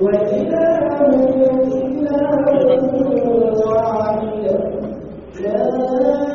وإلهكم إله واحد لا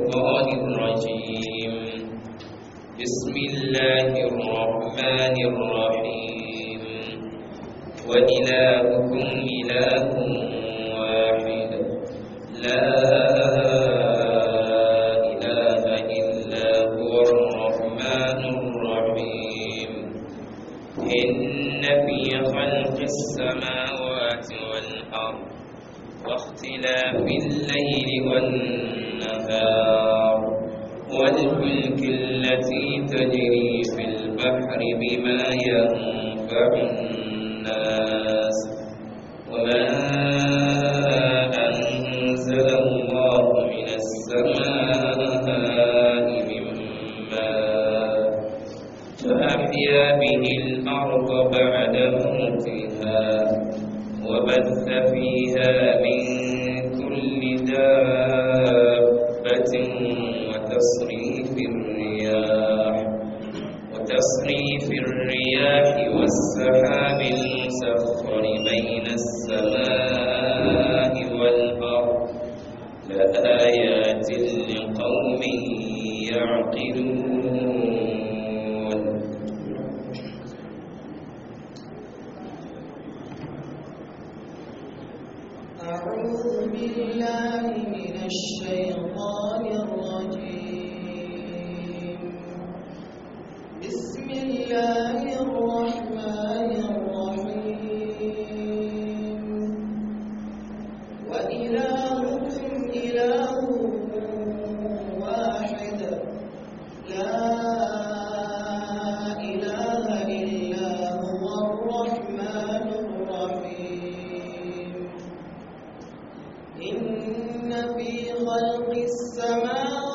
الشيطان الرجيم بسم الله الرحمن الرحيم وإلهكم إله التي تجري في البحر بما ينفع إن في خلق السماوات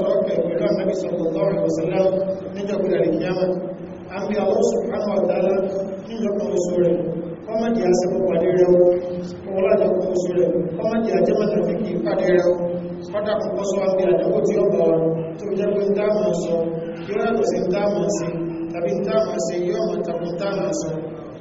ọ̀rọ̀ pẹ̀lú ẹ̀rọ ànábì sallallahu alaihi wasallam níjọba ìrìn kíyàmà a ń bí àwọn subhanahu wa ta'ala níjọba oṣù rẹ̀ kọ́mọ̀ jẹ́ àṣẹ́kọ̀ pàdé rẹ̀ ọwọ́lájọ́ oṣù rẹ̀ kọ́mọ̀ jẹ́ àjẹ́mọ̀ tàbíkì pàdé rẹ̀ kọ́dà kọ́kọ́ sọ àmì àdàwó tí ó bọ̀ tó jẹ́ pé ń dáàmà sọ yóò yàtọ̀ sí ń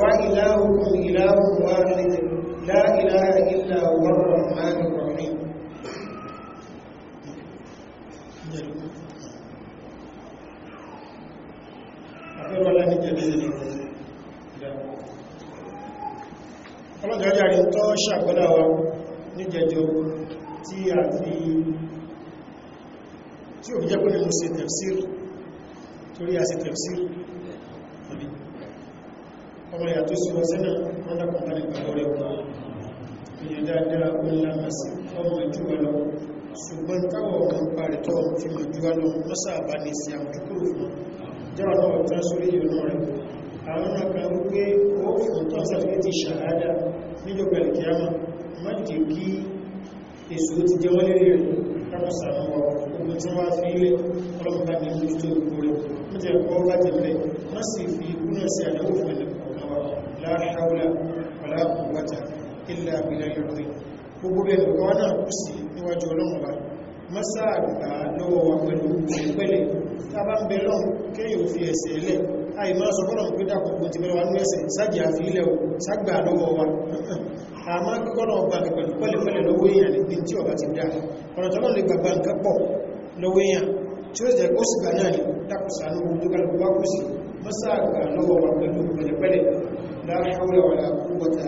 وإلهكم إله واحد لا إله إلا هو الرحمن الرحيم أقول الله جليل ọlọ́jọ́ járe tó ṣàgbọ́dá wa ní jẹjọ tí a fi tí ò jẹ́ pé ṣe tẹ̀fsír torí a ṣe tẹ̀fsír ọmọ yàtọ̀ sí wọn sẹ́nà wọn náà kọ̀ọ̀kan lè gbàgbọ́ rẹ̀ wọn èèyàn dáadáa ó ń lámà sí ọmọ ojú wa lọ ṣùgbọ́n táwọn ọmọ nípa rẹ̀ tọ́ fi mọ̀ ju wa lọ wọ́n sábà ní sí àwọn dúkúrò fún wọn jẹ́wọ́n náà wọ́n tán sórí ìyọ̀ náà rẹ̀ àwọn náà kan wípé ó fún tó sàtúwẹ́tì ṣàhádà níjọba ìkìyàmọ́ wọ́n jẹ́ kí èso ti jẹ́ wọ́n lérí rẹ̀ kápọ̀sà àwọn ogun tí wọ́n fi ilẹ̀ ọlọ́pàá ní ojú tó gbogbo rẹ̀ wọ́n jẹ́ kọ́ لا حول ولا قوة إلا بالله العظيم gbogbo ẹ̀rọ wọn náà kú sí níwájú ọlọ́run wa mọ́sáàgbà lọ́wọ́ wa pẹ̀lú ìpẹ́lẹ̀ tàbá ń bẹ lọ́n kéyìn ò fi ẹ̀sẹ̀ ẹlẹ̀ àì máa sọ fọ́nà pé dàkùnkùn ti mẹ́wàá ní ẹ̀sẹ̀ sájì àfihìlẹ̀ ò ságbà lọ́wọ́ wa àmá kíkọ́nà ọgbà pẹ̀lú pẹ̀lẹ̀pẹ̀lẹ̀ lọ́wọ́ èèyàn ní tí masa ga nawa wannan dubbe bane la hawla wala quwwata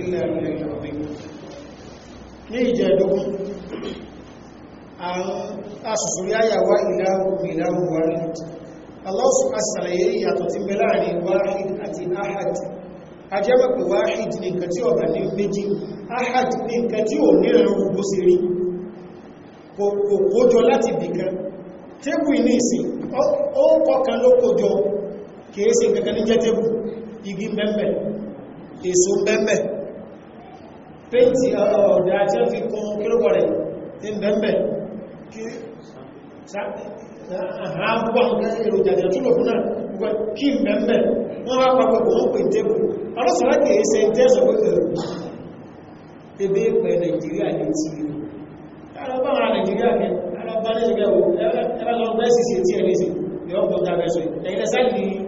illa billahi al-azim ní ìjẹ́dógún àwọn asùsùrí àyàwó ìlàwó ìlàwó wà ní aláwọ̀sù asàlàyé ìyàtọ̀ ti bẹ láàrin wáhid àti ahad ajẹ́mọ̀pẹ̀ wáhid ní nǹkan tí ọ̀bà ní méjì kò kójọ láti bìkan tébù ní ìsìn ó kọ̀kan ló kójọ kèése kankan ní jẹ́tẹ́bù igi mẹ́mẹ́ èso mẹ́mẹ́ pẹ́ntì uh, uh, ọ̀dá tí ó fi kún kírókọ̀ rẹ̀ ní mẹ́mẹ́ kí àhábùgbà èròjà jẹ́ tó lòkúnà gbogbo kí mẹ́mẹ́ wọ́n wá papọ̀ wọ́n pè tẹ́bù ọlọ́sọ̀rọ̀ kèése tẹ́sọ̀ ebe pẹ̀ nàìjíríà ní ti rí ẹ̀rọ̀bá nàìjíríà ní ẹ̀rọ̀bá nàìjíríà ẹ̀rọ̀bá nàìjíríà ẹ̀rọ̀bá nàìjíríà ẹ̀rọ̀bá nàìjíríà ẹ̀rọ̀bá nàìjíríà ẹ̀rọ̀bá nàìjíríà ẹ̀rọ̀bá nàìjíríà ẹ̀rọ̀bá nàìjíríà ẹ̀rọ̀bá nàìjíríà ẹ̀rọ̀bá nàìjíríà ẹ̀rọ̀bá nàìjíríà ẹ̀rọ̀bá nàìjíríà ẹ̀rọ̀bá nàìjíríà ẹ̀rọ̀bá nàìjíríà ẹ̀rọ̀bá nàìjíríà ẹ̀rọ̀bá nàìjíríà ẹ̀rọ̀bá nàìjíríà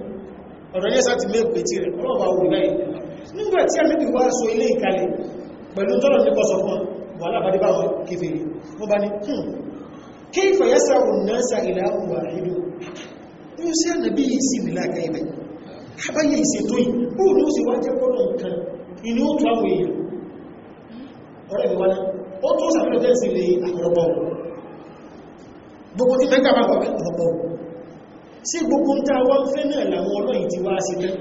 ọ̀rọ̀ yẹ́ sá ti mé pè tí rẹ̀ ọlọ́ọ̀bá wù náà nígbà tí àmì ìwà sọ ilé ìkalẹ̀ pẹ̀lú tọ́lọ̀ nípa sọ fún wà lábàdé bá wọn kéfèrè wọ́n bá ní hùn kí ìfà yẹ́ sá òun náà sa ìlà òwà ìlú ó sì ànàbí yìí sí ìlà aka ibẹ̀ abáyé ìṣètò yìí ó ló sì wá jẹ́ kọ́nà nǹkan ìní ó tó àwọn èèyàn ọ̀rẹ́ mi wá náà ó tó sàfihàn tẹ́sí lè àkọ́rọ̀bọ̀ gbogbo tí sí gbogbo ń tàà wọ́n fẹ́ náà làwọn ọlọ́yìn ti wá sí lẹ́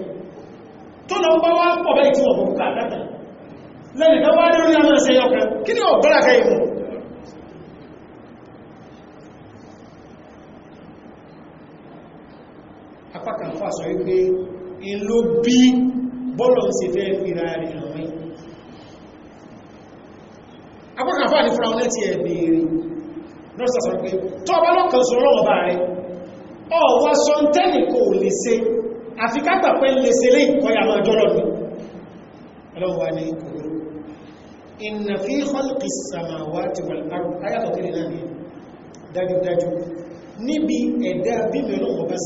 tó lọ bá wá pọ̀ báyìí tí wọ́n bọ̀ bùkà látà lẹ́yìn tó wá ní orí àwọn ẹsẹ̀ ọkàn kí ni ọ̀bára ká ìmọ̀ apákan fà sọ wípé ìlú bí bọ́lọ̀ ń ṣe fẹ́ fira rẹ̀ àwọn apákan fà ní fúnra wọn lẹ́tì ẹ̀ béèrè nọ́ọ̀sì sọ pé tọ́ ọba lọ́kàn sọ ọlọ́wọ́ bá rẹ̀ ọ̀wọ́ sọ ń tẹ́lì kò lè ṣe àfi kágbà pẹ́ lè ṣe lè kọ́yà máa jọ́rọ̀ ní ọlọ́wà ní kòrò inna fi khalqis samawati wal ard ayàtọ̀ kiri náà ní dájúdájú níbi ẹ̀dá bíbẹ̀ ọlọ́wọ́ bá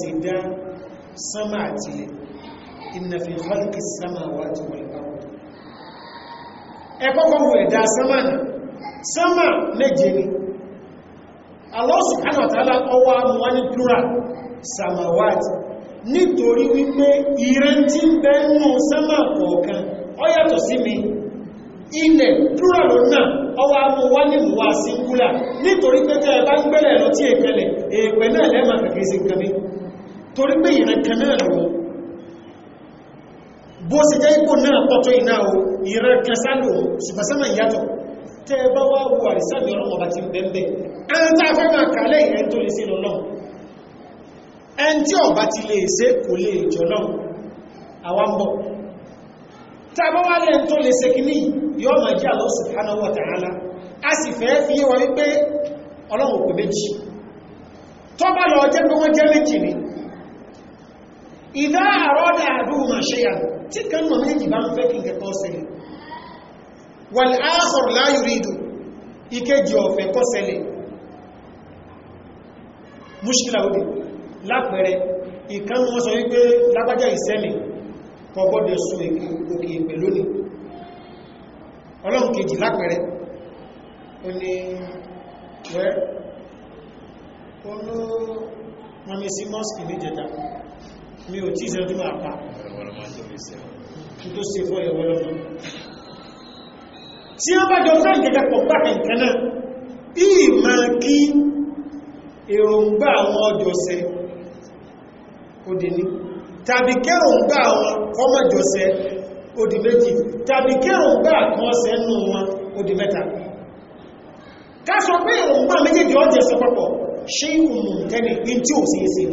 Allah subhanahu wa ta'ala ọwọ́ amúwá ní plural samawati nítorí wípé ìrántí bẹ́ẹ̀nù sánmà kọ̀ọ̀kan yàtọ̀ sí mi ilẹ̀ plural náà ọwọ́ ní singular nítorí pé tẹ́ bá ń gbẹ́lẹ̀ lọ tí èkẹlẹ̀ èèpẹ̀ náà lẹ́mà torí pé ìrẹ́kẹ náà tẹ́ ẹ bá wá wo àrísàbí ọlọ́run ọba ti ń bẹ́ẹ̀ ẹn tá a fẹ́ máa kà lẹ́yìn ẹn tó lè ṣe lọ́nà ẹn tí ọba ti lè ṣe kò lè jọ náà àwa ń bọ̀ tá bá wá lẹ́yìn tó lè ṣe kìíní yóò máa jẹ́ Allah subhanahu wa a sì fẹ́ fi yé wípé ọlọ́run kò méjì tó bá lọ jẹ́ pé wọ́n jẹ́ méjì ni ìdá àrọ́dà àdúgbò máa ṣe yà tí kan mọ̀ méjì bá ń fẹ́ kí n kẹ́kọ̀ọ́ sẹ́yìn wal akhar la yuridu ìkejì ọ̀fẹ́ kọ́ ṣẹlẹ̀ múṣkílà òbí lápẹẹrẹ ìkánú wọ́n sọ wípé lágbájá ìṣẹlẹ̀ kọgbọ́dẹ̀ sún òkè ìpè lónìí ọlọ́run lápẹẹrẹ ó ní wẹ́ olú mami sí mọ́sìkì ní jẹta mi ò tí ìṣẹ́lẹ̀ tó máa tí a bá jọ fẹ́ ìgẹ̀gẹ̀ pọ̀ gbákẹ̀kẹ́ náà ìyí ma kí èròǹgbà àwọn ọjọ́sẹ̀ òdì ní tàbí kẹròǹgbà àwọn kọmọjọ́sẹ̀ òdì méjì tàbí kẹròǹgbà kan ọsẹ̀ nù wọn òdì mẹ́ta ká sọ pé èròǹgbà méjèèjì ọjẹ́ sọ pọ̀pọ̀ ṣe ìwòmù tẹ́lẹ̀ ní tí ò sí ni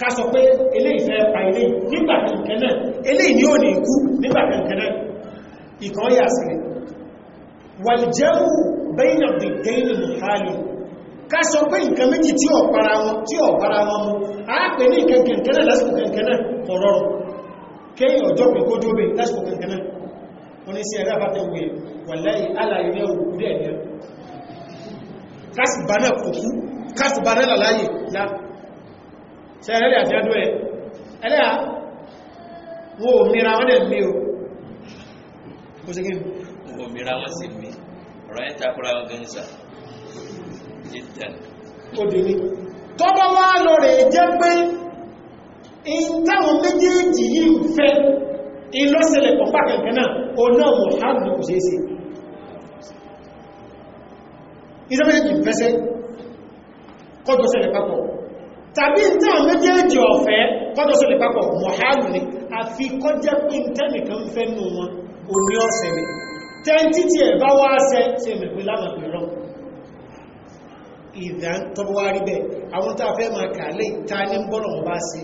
ká sọ pé eléyìí fẹ́ pa eléyìí nígbà náà eléyìí ni ò ní ikú nígbà náà ìtàn yà sí rẹ̀ wàlìjẹ́wù bẹ́yìnà dìdẹ́yìn mùhálì ká sọ pé nǹkan méjì tí ó para wọn tí ó para wọn mú a pè ní nǹkan kẹ̀kẹ́nà lásìkò kẹ̀kẹ́nà kọ̀rọ̀rọ̀ kéyìn ọjọ́ pé kó jóbe lásìkò kẹ̀kẹ́nà oní sí ẹ̀rẹ́ àbátẹ̀wò ẹ̀ wàláyé alàyé ní òkú dẹ̀ ní kásìbá náà kò kú kásìbá náà làláyè lá ṣe ẹ̀rẹ́ àti adó ẹ̀ ẹlẹ́yà wọn ò mìíràn wọn dẹ̀ mí o kó sí kí n òmìnira wọn sì mí ọ̀rọ̀ yẹn takura wọn gan sà jíjẹ. obìnrin tó bá wá lọ rẹ̀ jẹ́ pé táwọn méjèèjì yìí ń fẹ́ ìlọ́sẹ̀lẹ̀ pọ̀pá kankan náà ó náà mọ̀ hàbù kò ṣeé ṣe ìjọba méjèèjì ń fẹ́sẹ́ kọ́jọ́sẹ̀lẹ̀ papọ̀ tàbí táwọn méjèèjì ọ̀fẹ́ kọ́jọ́sẹ̀lẹ̀ papọ̀ mọ̀ hàbù ni àfi kọjá pé nǹkan nìkan fẹ́ nù wọn òní ọ̀sẹ̀ ni tẹ́ntítì ẹ̀ bá wá ṣẹ ṣe mẹ̀pẹ̀ lánàá pẹ̀rọ ìdán tọ́bọ̀ wá rí bẹ́ẹ̀ àwọn tó àfẹ́ máa kà lè ta ní bọ́lọ̀ wọn bá ṣe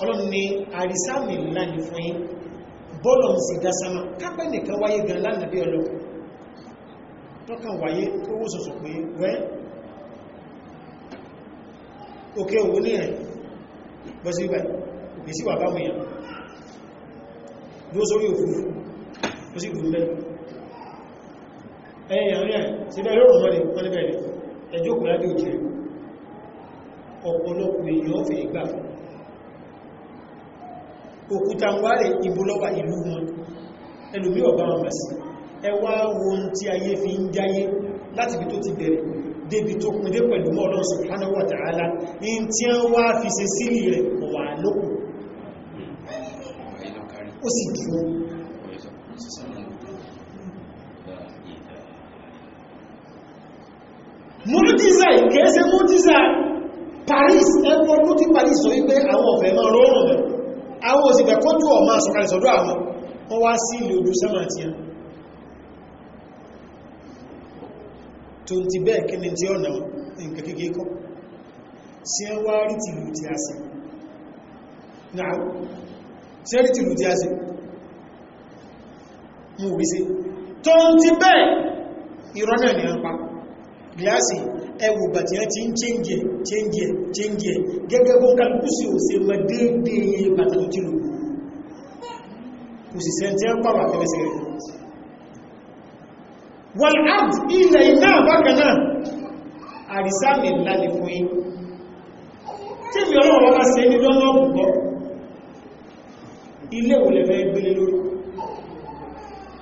ọlọ́run ni àrísàmì ńlá ni fún yín bọ́lọ̀ ń sì dásámá kápẹ́ nìkan wáyé gan lánàá bí ọlọ́ tọ́kàn wáyé tó wó pé wẹ́ òkè òwò ní ẹ̀ bọ́sí gbà òkè sí wà báwọn èèyàn ló sórí òfurufú ó sì gùn bẹ́ẹ̀ ẹ̀yìn àwọn ẹ̀ sí bẹ́ẹ̀ lóòrùn mọ́ni wọ́n ní bẹ́ẹ̀ ẹjọ́ kò láti òjì rẹ̀ ọ̀pọ̀lọpọ̀ èèyàn fẹ́ gbà fún òkúta ń wárẹ̀ ìbúlọ́wà ìlú wọn ẹlòmí ọ̀bá wọn bá sí ẹwà wọn tí ayé fi ń jáyé láti bí tó ti bẹ̀rẹ̀ débi tó pín dé pẹ̀lú mọ́ ọlọ́run subhanahu wa ta'ala ní tí a wá múlùdíza ìkẹ́ẹ́sẹ́ múlùdíza Paris ẹgbọ́n ló tí Paris sọ wípé àwọn ọ̀fẹ́ máa rọrùn rẹ̀ àwọn òsìgbẹ̀ kọjú ọ̀má sọ̀kalẹ̀ sọ̀dọ̀ àwọn wọ́n wá sí ilé odò sẹ́màtíyàn tó ti bẹ́ẹ̀ kí ni tí ọ̀nà nǹkan kékeré kọ́ sí ẹ wá rí tìlù tí a sì náà sí ẹ rí tìlù tí a mú orí sí tó ń ti bẹ́ẹ̀ ìrọ́nà ní ọpa gíláàsì ẹwù bàtí ẹ ti ń chẹ́ǹjẹ̀ chẹ́ǹjẹ̀ chẹ́ǹjẹ̀ gẹ́gẹ́ bó kàlùkù sí ò sí mọ déédéé bàtà tó ti lò kò sì sẹ́ jẹ́ pàwà kẹrẹsẹ̀ rẹ̀ wàl'ad ilẹ̀ iná bákanáà àrísàmì ńlá ni fún yí tí mi ọlọ́wọ́ wọ́n bá se ní lọ́nà ọ̀pọ̀ ilé òlẹ̀fẹ́ gbélé lórí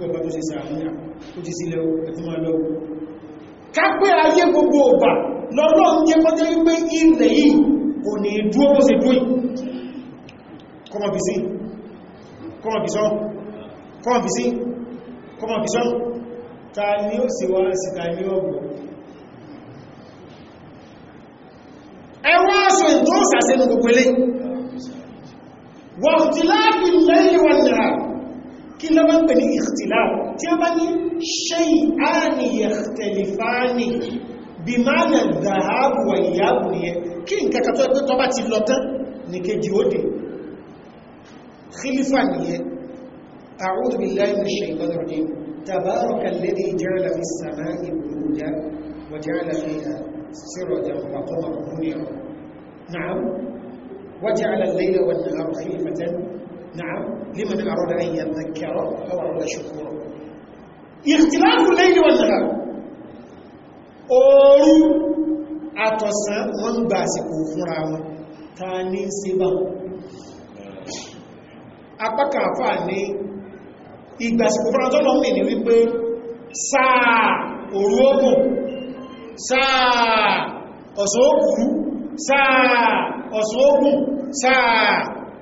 gbẹ̀bà tó ṣe sàmúnà ó ti sílẹ̀ ẹ̀tún máa lọ kápẹ́ ayé gbogbo ọba lọ́lọ́ ń jẹ́ kọjá wípé ilẹ̀ yìí kò ní dúó bó ṣe dúó kọmọbìsí kọmọbìsán kọmọbìsí kọmọbìsán ta ni ó sì wá sí ta ní ọgbọ̀ ẹwọ́ aṣọ ìtọ́ sàṣẹ́nu gbogbo ilé wọ̀n ti láàfin lẹ́yìn wọn nìra كلا ما بني اختلاف تيماني شيئان يختلفان بمعنى الذهاب والياب كين كاكاتو يقول طبعا تلوتا نكي جيودي خلفانية أعوذ بالله من الشيطان الرجيم تبارك الذي جعل في السماء بروجا وجعل فيها سراجا وقمرا منيرا نعم وجعل الليل والنهار خليفة نعم لمن أراد أن يذكر أو أراد شكورا اختلاف الليل والنهار òru àtọ̀sán wọ́n ń gba àsìkò fúnra wọn ta ní síbá apákan àfà ní ìgbàsìkò fúnra tó lọ́mì ní wípé sáà òru ogun sáà ọ̀sán ogun sáà ọ̀sán ogun sáà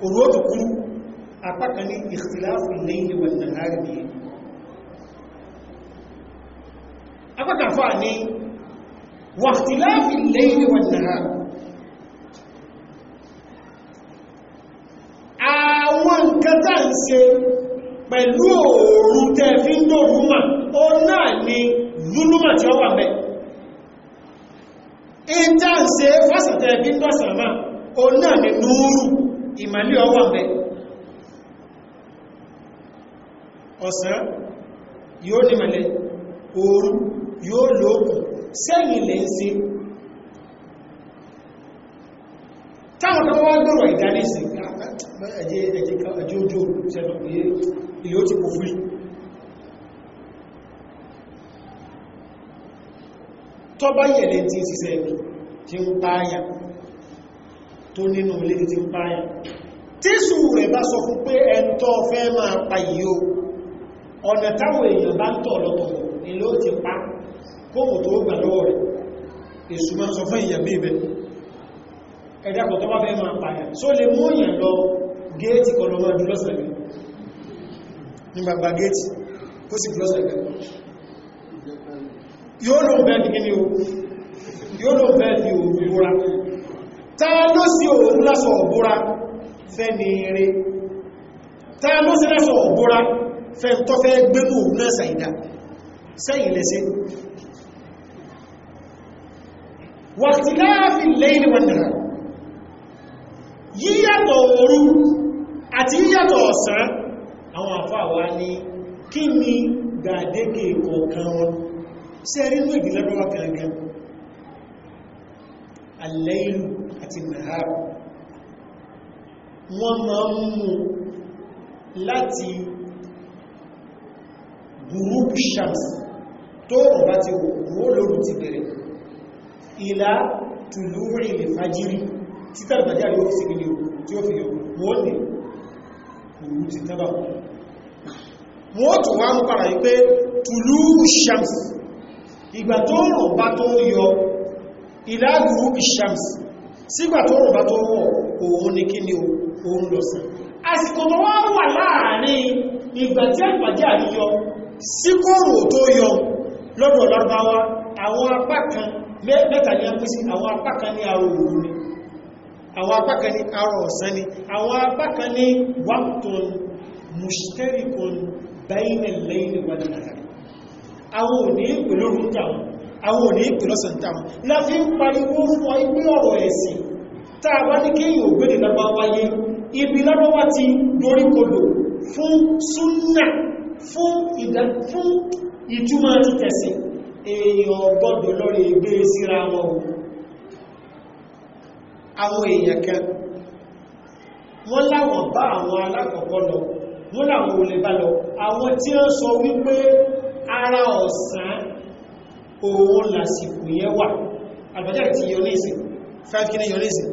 òru ogun apá kan ní ìsìláàfù lẹ́yìn wà nàárì ní apá kan fà ní wàtíláàfù lẹ́yìn wà nàárì àwọn nǹkan tá ń ṣe pẹ̀lú òòrùn tẹ́ fi ń dòrú mà ó náà ni lúlúmà tí ó wà mẹ́ ìjà ń ṣe fásitẹ̀ bí ń dọ̀sàn náà ó náà ni núúrù ìmàlẹ́ ọ̀sán yóò ní mẹ́lẹ̀ òru yóò lóòkù sẹ́yìn lè ń se táwọn kan wá gbọ́rọ̀ ìdánilẹ́sì ah, ah, ah, ẹ̀jẹ̀ ẹ̀jẹ̀ kan ẹ̀jẹ̀ ojú sẹ́nu pé ilé ó ti kò fún tó bá yẹ̀lẹ̀ tí ń ṣiṣẹ́ ẹ̀bí tí ń pààyà tó nínú ilé tí ń pààyà tí sùúrù rẹ̀ bá sọ fún pé ẹ̀ntọ́ fẹ́ máa pa yìí ọ̀nà táwọn èèyàn bá ń tọ̀ lọ́tọ̀ ni ló ti pa kóòmù tó gbà lọ́wọ́ rẹ̀ èṣù máa sọ fún èèyàn bíi bẹ́ẹ̀ ẹ̀dá kò tó bá fẹ́ máa pààyàn só lè mú èèyàn lọ géètì kan lọ máa dú lọ́sẹ̀ rẹ̀ ní gbàgbà géètì kó sì ló sí òun lásọ̀ fẹ́ tó fẹ́ gbémù òun náà sàìdá sẹ́yìn lẹ́sẹ́ wàtíláàfin lẹ́yìn wàndàrà yíyàtọ̀ òru àti yíyàtọ̀ ọ̀sán àwọn àfáàwà ní kí ni gbàdéke kọ̀ọ̀kan wọn sí ẹrí ní ìdílẹ́gbọ́wà kankan alẹ́ìlú àti nàárù wọ́n máa ń mú láti gúrúkú shams tó bá ti wó lóòrùn ti bẹ̀rẹ̀ ìlà tùlúrì lè fàjírí títà ìbàjá yóò fi sígbìlì tí ó fi yọ wọ́n ní gúrúkú ti tábà wọ́n tó wá ń pàrà wípé tùlúrù shams ìgbà tó rùn bá tó yọ ìlà gúrúkú shams sígbà tó rùn bá tó wọ̀ òun ní kí ni òun lọ sí àsìkò tó wá wà láàárín ìgbà tí àgbàjá yíyọ síkòrò tó yọ lọ́dọ̀ lárúbáwá àwọn apá kan mẹ́ta ní ẹkùn sí àwọn apá kan ní arò òru ni àwọn apá kan ní arò ọ̀sán ni àwọn apá kan ní wàtún mushtarikun bayna al-layli wal-nahar àwọn ò ní pẹ̀lú fún ìtumọ̀ títẹ̀sí èèyàn gbọ́dọ̀ lọ́rẹ̀ gbé e síra wọn àwọn èèyàn kan wọ́n láwọn bá àwọn alákọ̀ọ́kọ́ lọ wọ́n láwọn olè bá lọ àwọn tí ó sọ wípé ara ọ̀sán òun lásìkò yẹn wà àgbàjá ti yọ ní ìsìn 5 kí ní yọ ní ìsìn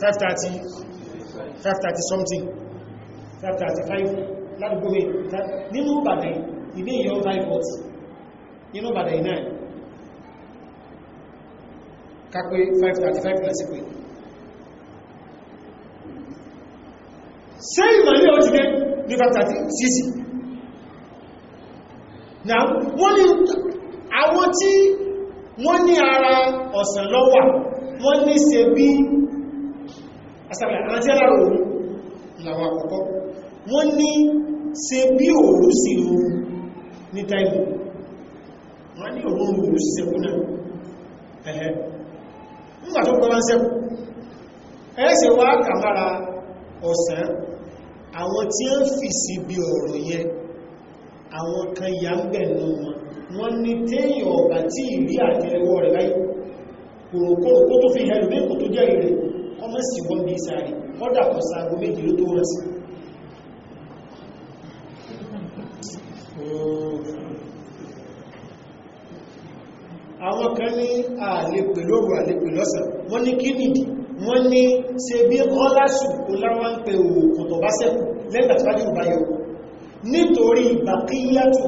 530 530 something 535 ládùúgbò mi nínú Ìbàdàn ilé ìyọ́ five words nínú Ìbàdàn náà kápé 535 lásìkò yìí ṣe ìmọ̀lẹ́ ọjọ́ ní 536 na wọ́n ní àwọn tí wọ́n ní ara ọ̀sán lọ́wà wọ́n ní ṣe bí asàbìlà àti aláàrùn làwọn àkọ́kọ́ wọ́n ni se bi òru si mú ní táìbù wọ́n ní òru òru sí sẹ́kù náà ẹ̀hẹ́ nígbà tó pọ́ sẹ́kù ẹ̀ẹ́sẹ̀ wá kàmára ọ̀sán àwọn tí ó fi sí bí ọ̀rọ̀ yẹn àwọn kan yà ń bẹ̀ nù wọn wọ́n ní téèyàn ọ̀bà tí ìrí àtẹ́lẹwọ́ rẹ̀ láyé kòròkòrò kó tó fi kò tó jẹ́ ìrẹ̀ ọmọ wọ́n bí sáré kọ́dà méjì ló tó àwọn kan ní àlepè lóru àlepè lọ́sàn wọ́n ní kí nìdí wọ́n ní ṣe bí ọlásù oláwọ́ ń pe òkò tó bá sẹ́kù lẹ́gbà tó bá yóò bá yọ nítorí bàkíyàtù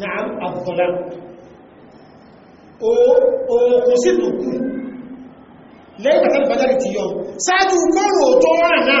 náà àbùkọ́lá òkun sí tó kù lẹ́yìn pàtàkì pàtàkì ti yọ sáájú kọ́rù tó rà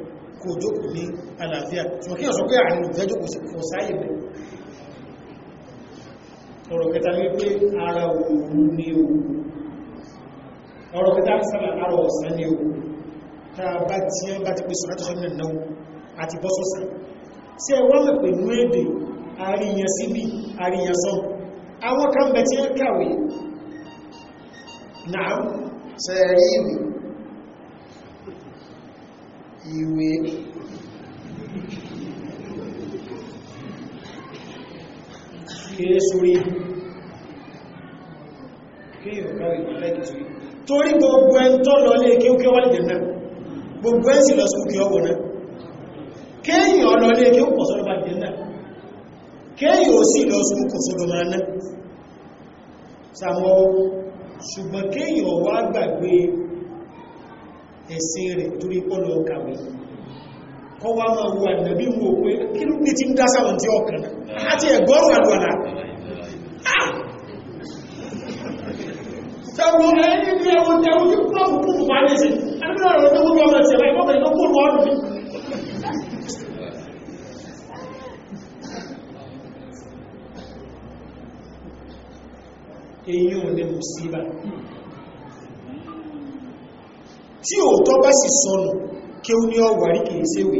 kò jókòó ní àlàáfíà ṣùgbọ́n kí ọ̀sọ́ pé àrùn ìjẹ́jòkó sí kò sáyè mẹ́ ọ̀rọ̀ kẹta ní pé ara òòrùn ní òòrùn ọ̀rọ̀ kẹta ń sára ara ọ̀sán ní òòrùn tá a bá tí a bá ti pèsè láti sọ́nà náà àti bọ́sọ̀sà sí ẹwà mẹ́ pè ní èdè àríyàn síbí àríyàn sọ àwọn kan bẹ̀ tí a kàwé náà sẹ̀rí ìwé ìwé kìí sórí kìí ọ̀gáwì láìkì sórí torí gbogbo ẹn tó lọ lé kéúké wọ́n lè jẹ́ gbogbo ẹn sì lọ sí òkè ọwọ̀ náà kéyìn ọ̀lọ lé kéúkọ̀ sọ́rọ̀ bá jẹ́ náà kéyìn ò sí lọ sí òkè sọ́rọ̀ máa náà sàmọ́ ṣùgbọ́n kéyìn ọ̀wọ́ àgbàgbé ẹ̀sìn rẹ̀ torí pọ́lọ̀ kàwé kọ́ wá máa wo ànàbí wo pé kí ló dé tí ń dá sáwọn tí ọkàn àti ẹ̀gbọ́rùn àlùwàlà sẹ́wọ̀n ẹni ní ẹwọ́n tí ẹwọ́n tí pọ́ọ̀pù púpù wà ní ẹ̀sìn àdúgbò ọ̀rọ̀ tó gbogbo ọmọ ìṣẹ̀lẹ̀ ìkọ́kọ̀ ìkọ́kọ̀ ọ̀rọ̀ mi èyí ò ní mùsíbà tí òótọ́ bá sì sọnù kí ó ní ọwà kìí séwé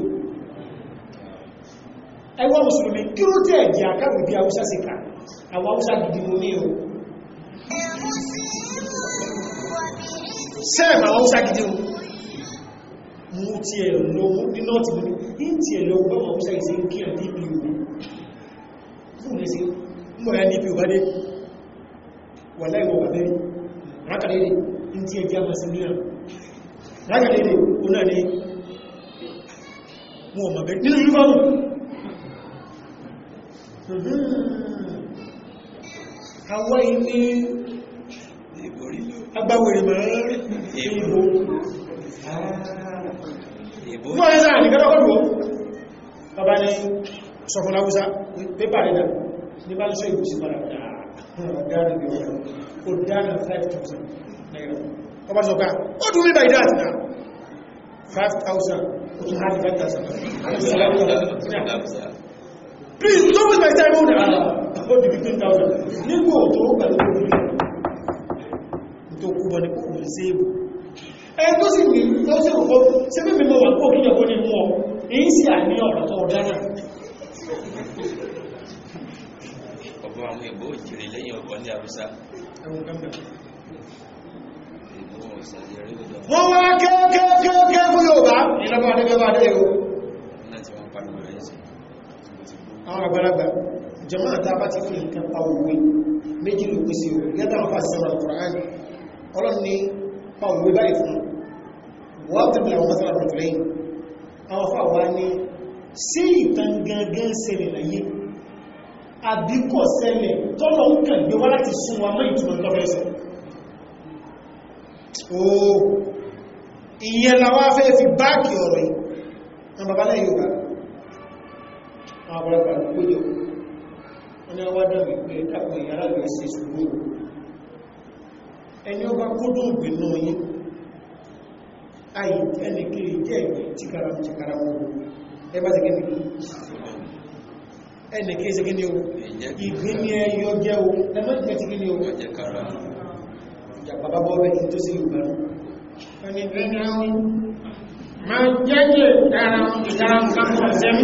ẹwọ́ mùsùlùmí kí ó tẹ́ ẹ̀jẹ̀ bí sí ká àwọn gidi ní o sẹ́ẹ̀mà haúsá gidi o mú ti ẹ̀ lọ́wọ́ ní nọ́ọ̀tì lórí ní ti ẹ̀ lọ́wọ́ báwọn haúsá yìí sí kí à ní ibi òwe fún mi sí ya ní ibi wà bẹ́ẹ̀ rákàlẹ́ ní ti ẹ̀jẹ̀ àmàsí ráyà lédè òun náà ni wọn ọmọ bẹ̀rẹ̀ nínú yúfàmù àwọ́ ilé agbáwèrè mẹ́rẹ́ ìbò mọ́ ẹ̀ sáà nìkan lọ́kọ̀dù ọ́ bàbá ní sọ̀fún láwúsá pépà rẹ̀ náà ní bá lọ́sọ̀ ìgbòsí mara dáadáa ọba sọ pé ó dùn mí by that na 5,000 ó tún hard 5,000 please don't waste my time on that ó di 15,000 nígbò tó ó pẹ̀lú orí tó kú bọ́ ní kòkòrò sèébù ẹ tó sì ní tó sì rò fún ṣe pé mímọ̀ wà kó kíyàn kó ní mú ọ èyí sì àní ọ̀rọ̀ tó ọ̀dá náà ọ̀bọ̀n àwọn ẹ̀bọ́ òjìrì lẹ́yìn ọkọ̀ ní àrúsá ẹ̀wọ̀n kẹ́mẹ̀ẹ́ wọ́n wá kẹ́kẹ́kẹ́kẹ́ fún Yorùbá ìlọ́bà adẹ́gbẹ́bàdẹ́ o àwọn àgbàlagbà jẹmọ́ àtàbà ti fi nǹkan pa òwe méjì ló pèsè o yẹ́dà wọ́n fàṣẹ ọ̀rọ̀ Kùránì ọlọ́run ní pa òwe báyìí fún wọ́n tó bí àwọn mọ́sára rọ̀ lẹ́yìn àwọn fà wá ní sí ìtàn gangan ṣẹlẹ̀ láyé àbíkọ̀ ṣẹlẹ̀ tọ́lọ̀ ń kàn gbé wá láti sún wa mọ́ ìtumọ̀ tọ́fẹ́ ooo ìyẹn làwọn afẹ́ fi báàkì ọ̀rọ̀ yìí wọn bàbá lẹ́yìn yorùbá àwọn àgbàlagbà ló péjọ wọn ni wọn dàbí pé dàpọ̀ ìyára lè ṣe sùúrù ẹni ọba kúndùn ìgbìnà yìí àyè ẹnì kiri jẹ́ ìgbì tìkaramu ẹ bá ti gẹ́ mi kiri ṣe kí ni o ìgbìnà ẹyọ jẹ́ o ẹ má ti kí o ìjàpàbá bọ́ọ̀bẹ̀ tí tó sí ìgbà máa jẹ́jẹ́ ìdára nǹkan kan sẹ́mí